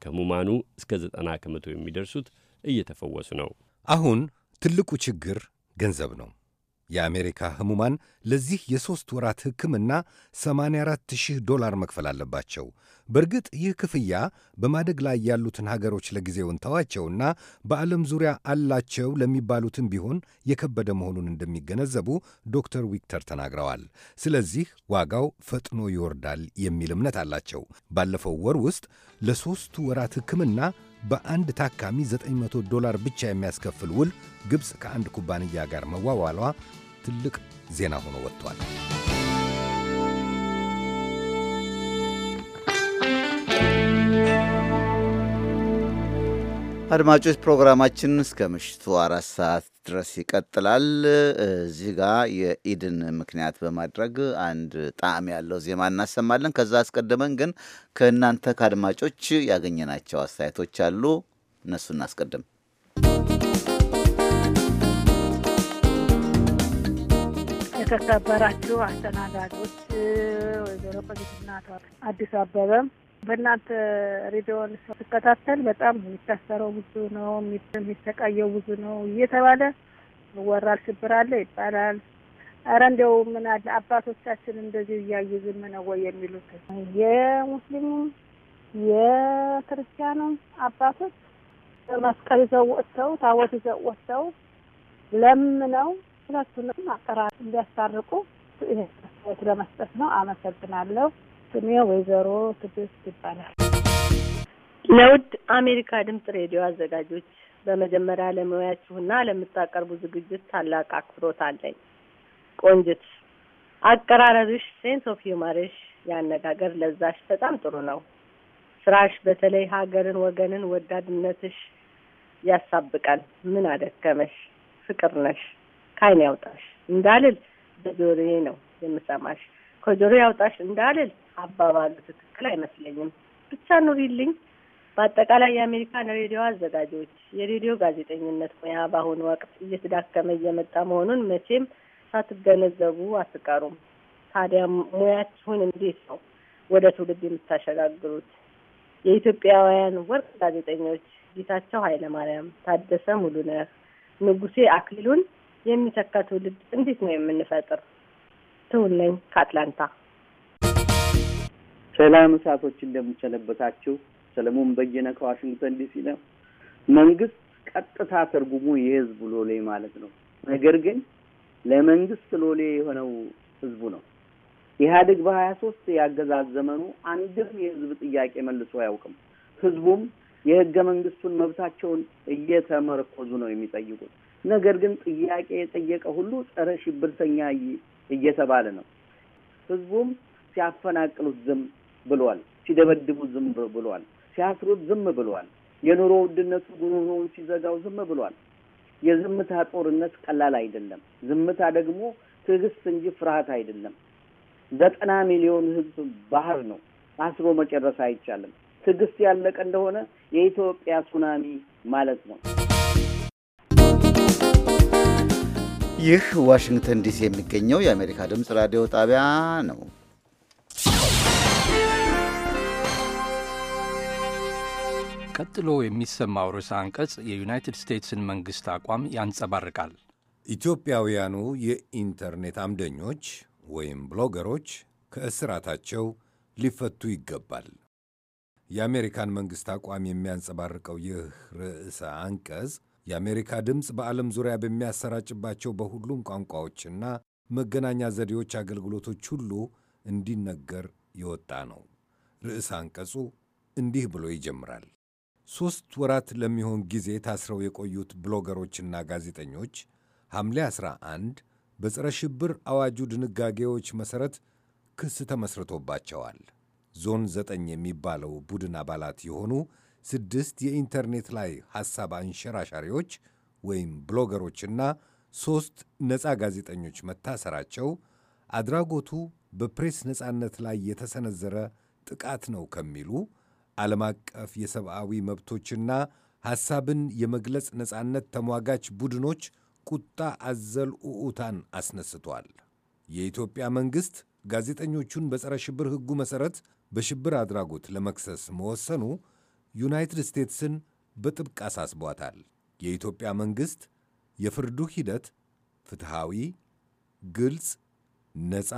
ከሙማኑ እስከ 90 ከመቶ የሚደርሱት እየተፈወሱ ነው። አሁን ትልቁ ችግር ገንዘብ ነው። የአሜሪካ ህሙማን ለዚህ የሦስት ወራት ሕክምና 84,000 ዶላር መክፈል አለባቸው። በእርግጥ ይህ ክፍያ በማደግ ላይ ያሉትን ሀገሮች ለጊዜው እንተዋቸውና በዓለም ዙሪያ አላቸው ለሚባሉትም ቢሆን የከበደ መሆኑን እንደሚገነዘቡ ዶክተር ዊክተር ተናግረዋል። ስለዚህ ዋጋው ፈጥኖ ይወርዳል የሚል እምነት አላቸው። ባለፈው ወር ውስጥ ለሦስቱ ወራት ሕክምና በአንድ ታካሚ 900 ዶላር ብቻ የሚያስከፍል ውል ግብፅ ከአንድ ኩባንያ ጋር መዋዋሏ ትልቅ ዜና ሆኖ ወጥቷል። አድማጮች ፕሮግራማችን እስከ ምሽቱ አራት ሰዓት ድረስ ይቀጥላል። እዚህ ጋር የኢድን ምክንያት በማድረግ አንድ ጣዕም ያለው ዜማ እናሰማለን። ከዛ አስቀድመን ግን ከእናንተ ከአድማጮች ያገኘናቸው አስተያየቶች አሉ። እነሱ እናስቀድም። የተከበራችሁ አስተናጋጆች ወይዘሮ ቆሊትና አዲስ አበበ በእናንተ ሬዲዮን ስትከታተል በጣም የሚታሰረው ብዙ ነው፣ የሚሰቃየው ብዙ ነው እየተባለ ይወራል። ሽብር አለ ይባላል። አረ እንዲያው ምን አለ አባቶቻችን እንደዚህ እያዩ ዝም ነው ወይ የሚሉት የሙስሊሙ የክርስቲያኑ አባቶች መስቀል ይዘው ወጥተው ታቦት ይዘው ወጥተው ለምነው ሁለቱንም አቀራ እንዲያስታርቁ ለመስጠት ነው። አመሰግናለሁ። ስሜ ወይዘሮ ትግስት ይባላል። ለውድ አሜሪካ ድምጽ ሬዲዮ አዘጋጆች በመጀመሪያ ለሙያችሁና ለምታቀርቡ ዝግጅት ታላቅ አክብሮት አለኝ። ቆንጅት አቀራረብሽ፣ ሴንስ ኦፍ ሂውመርሽ፣ ያነጋገር ለዛሽ በጣም ጥሩ ነው። ስራሽ በተለይ ሀገርን ወገንን ወዳድነትሽ ያሳብቃል። ምን አደከመሽ፣ ፍቅር ነሽ፣ ካይን ያውጣሽ እንዳልል በጆሮዬ ነው የምሰማሽ። ከጆሮ ያውጣሽ እንዳልል አባባሉ ትክክል አይመስለኝም። ብቻ ኑሪልኝ። በአጠቃላይ የአሜሪካን ሬዲዮ አዘጋጆች የሬዲዮ ጋዜጠኝነት ሙያ በአሁኑ ወቅት እየተዳከመ እየመጣ መሆኑን መቼም ሳትገነዘቡ አትቀሩም። ታዲያ ሙያችሁን እንዴት ነው ወደ ትውልድ የምታሸጋግሩት? የኢትዮጵያውያን ወርቅ ጋዜጠኞች ጌታቸው ኃይለማርያም፣ ታደሰ ሙሉነህ፣ ንጉሴ አክሊሉን የሚተካ ትውልድ እንዴት ነው የምንፈጥር? ትሁን ነኝ ከአትላንታ። ሰላም እሳቶች እንደምንሰነበታችሁ። ሰለሞን በየነ ከዋሽንግተን ዲሲ ነው። መንግስት ቀጥታ ትርጉሙ የህዝቡ ሎሌ ማለት ነው። ነገር ግን ለመንግስት ሎሌ የሆነው ህዝቡ ነው። ኢህአዴግ በሀያ ሶስት ያገዛዝ ዘመኑ አንድም የህዝብ ጥያቄ መልሶ አያውቅም። ህዝቡም የህገ መንግስቱን መብታቸውን እየተመረኮዙ ነው የሚጠይቁት። ነገር ግን ጥያቄ የጠየቀ ሁሉ ጸረ ሽብርተኛ እየተባለ ነው። ህዝቡም ሲያፈናቅሉት ዝም ብሏል፣ ሲደበድቡት ዝም ብሏል፣ ሲያስሩት ዝም ብሏል፣ የኑሮ ውድነቱ ጉሮሮውን ሲዘጋው ዝም ብሏል። የዝምታ ጦርነት ቀላል አይደለም። ዝምታ ደግሞ ትዕግስት እንጂ ፍርሃት አይደለም። ዘጠና ሚሊዮን ህዝብ ባህር ነው፣ አስሮ መጨረስ አይቻልም። ትዕግስት ያለቀ እንደሆነ የኢትዮጵያ ሱናሚ ማለት ነው። ይህ ዋሽንግተን ዲሲ የሚገኘው የአሜሪካ ድምፅ ራዲዮ ጣቢያ ነው። ቀጥሎ የሚሰማው ርዕሰ አንቀጽ የዩናይትድ ስቴትስን መንግሥት አቋም ያንጸባርቃል። ኢትዮጵያውያኑ የኢንተርኔት አምደኞች ወይም ብሎገሮች ከእስራታቸው ሊፈቱ ይገባል። የአሜሪካን መንግሥት አቋም የሚያንጸባርቀው ይህ ርዕሰ አንቀጽ የአሜሪካ ድምፅ በዓለም ዙሪያ በሚያሰራጭባቸው በሁሉም ቋንቋዎችና መገናኛ ዘዴዎች አገልግሎቶች ሁሉ እንዲነገር የወጣ ነው። ርዕስ አንቀጹ እንዲህ ብሎ ይጀምራል። ሦስት ወራት ለሚሆን ጊዜ ታስረው የቆዩት ብሎገሮችና ጋዜጠኞች ሐምሌ 11 በጸረ ሽብር አዋጁ ድንጋጌዎች መሠረት ክስ ተመስርቶባቸዋል። ዞን ዘጠኝ የሚባለው ቡድን አባላት የሆኑ ስድስት የኢንተርኔት ላይ ሐሳብ አንሸራሻሪዎች ወይም ብሎገሮችና ሦስት ነፃ ጋዜጠኞች መታሰራቸው አድራጎቱ በፕሬስ ነፃነት ላይ የተሰነዘረ ጥቃት ነው ከሚሉ ዓለም አቀፍ የሰብአዊ መብቶችና ሐሳብን የመግለጽ ነፃነት ተሟጋች ቡድኖች ቁጣ አዘል ኡኡታን አስነስቷል። የኢትዮጵያ መንግሥት ጋዜጠኞቹን በጸረ ሽብር ሕጉ መሠረት በሽብር አድራጎት ለመክሰስ መወሰኑ ዩናይትድ ስቴትስን በጥብቅ አሳስቧታል። የኢትዮጵያ መንግሥት የፍርዱ ሂደት ፍትሐዊ፣ ግልጽ፣ ነፃ፣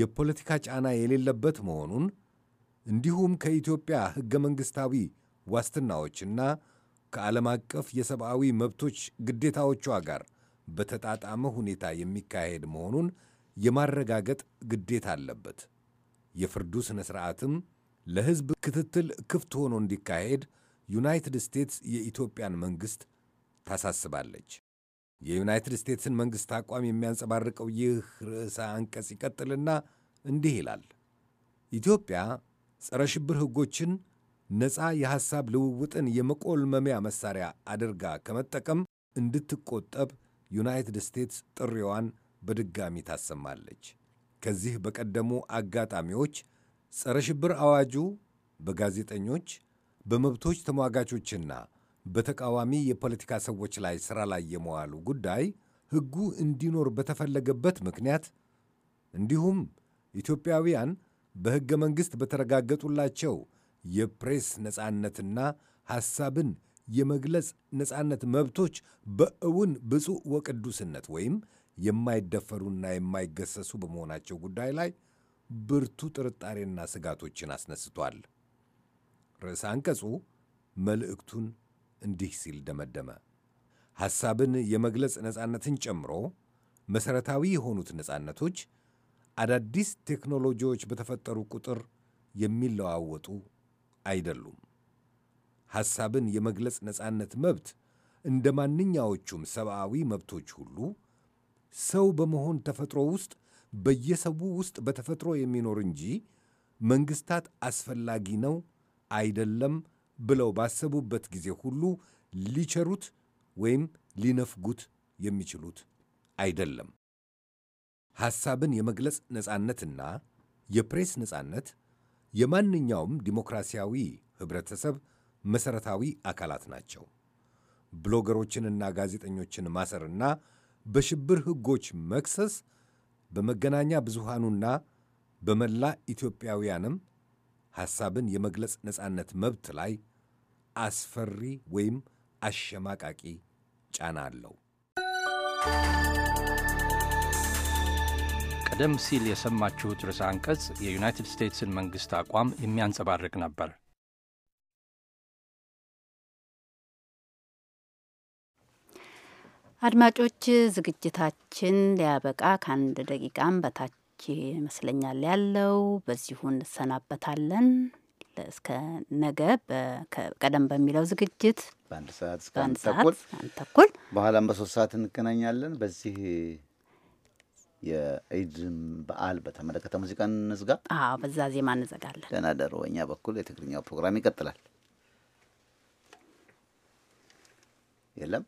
የፖለቲካ ጫና የሌለበት መሆኑን እንዲሁም ከኢትዮጵያ ሕገ መንግሥታዊ ዋስትናዎችና ከዓለም አቀፍ የሰብአዊ መብቶች ግዴታዎቿ ጋር በተጣጣመ ሁኔታ የሚካሄድ መሆኑን የማረጋገጥ ግዴታ አለበት። የፍርዱ ሥነ ሥርዓትም ለሕዝብ ክትትል ክፍት ሆኖ እንዲካሄድ ዩናይትድ ስቴትስ የኢትዮጵያን መንግሥት ታሳስባለች። የዩናይትድ ስቴትስን መንግሥት አቋም የሚያንጸባርቀው ይህ ርዕሰ አንቀጽ ይቀጥልና እንዲህ ይላል። ኢትዮጵያ ጸረ ሽብር ሕጎችን ነፃ የሐሳብ ልውውጥን የመቆልመሚያ መሣሪያ አድርጋ ከመጠቀም እንድትቆጠብ ዩናይትድ ስቴትስ ጥሪዋን በድጋሚ ታሰማለች። ከዚህ በቀደሙ አጋጣሚዎች ጸረ ሽብር አዋጁ በጋዜጠኞች በመብቶች ተሟጋቾችና በተቃዋሚ የፖለቲካ ሰዎች ላይ ሥራ ላይ የመዋሉ ጉዳይ ሕጉ እንዲኖር በተፈለገበት ምክንያት እንዲሁም ኢትዮጵያውያን በሕገ መንግሥት በተረጋገጡላቸው የፕሬስ ነጻነትና ሐሳብን የመግለጽ ነጻነት መብቶች በእውን ብፁዕ ወቅዱስነት ወይም የማይደፈሩና የማይገሰሱ በመሆናቸው ጉዳይ ላይ ብርቱ ጥርጣሬና ስጋቶችን አስነስቷል። ርዕሰ አንቀጹ መልእክቱን እንዲህ ሲል ደመደመ። ሐሳብን የመግለጽ ነፃነትን ጨምሮ መሠረታዊ የሆኑት ነፃነቶች አዳዲስ ቴክኖሎጂዎች በተፈጠሩ ቁጥር የሚለዋወጡ አይደሉም። ሐሳብን የመግለጽ ነፃነት መብት እንደ ማንኛዎቹም ሰብአዊ መብቶች ሁሉ ሰው በመሆን ተፈጥሮ ውስጥ በየሰቡ ውስጥ በተፈጥሮ የሚኖር እንጂ መንግስታት አስፈላጊ ነው አይደለም ብለው ባሰቡበት ጊዜ ሁሉ ሊቸሩት ወይም ሊነፍጉት የሚችሉት አይደለም። ሐሳብን የመግለጽ ነጻነትና የፕሬስ ነጻነት የማንኛውም ዲሞክራሲያዊ ኅብረተሰብ መሠረታዊ አካላት ናቸው። ብሎገሮችንና ጋዜጠኞችን ማሰርና በሽብር ሕጎች መክሰስ በመገናኛ ብዙሃኑና በመላ ኢትዮጵያውያንም ሐሳብን የመግለጽ ነፃነት መብት ላይ አስፈሪ ወይም አሸማቃቂ ጫና አለው። ቀደም ሲል የሰማችሁት ርዕሰ አንቀጽ የዩናይትድ ስቴትስን መንግሥት አቋም የሚያንጸባርቅ ነበር። አድማጮች ዝግጅታችን ሊያበቃ ከአንድ ደቂቃም በታች ይመስለኛል ያለው። በዚሁ እንሰናበታለን። እስከ ነገ ቀደም በሚለው ዝግጅት በአንድ ሰዓት እስከ አንድ ተኩል ተኩል በኋላም በሶስት ሰዓት እንገናኛለን። በዚህ የኢድን በዓል በተመለከተ ሙዚቃ እንዝጋ። አዎ፣ በዛ ዜማ እንዘጋለን። ደህና ደሩ። በእኛ በኩል የትግርኛው ፕሮግራም ይቀጥላል። የለም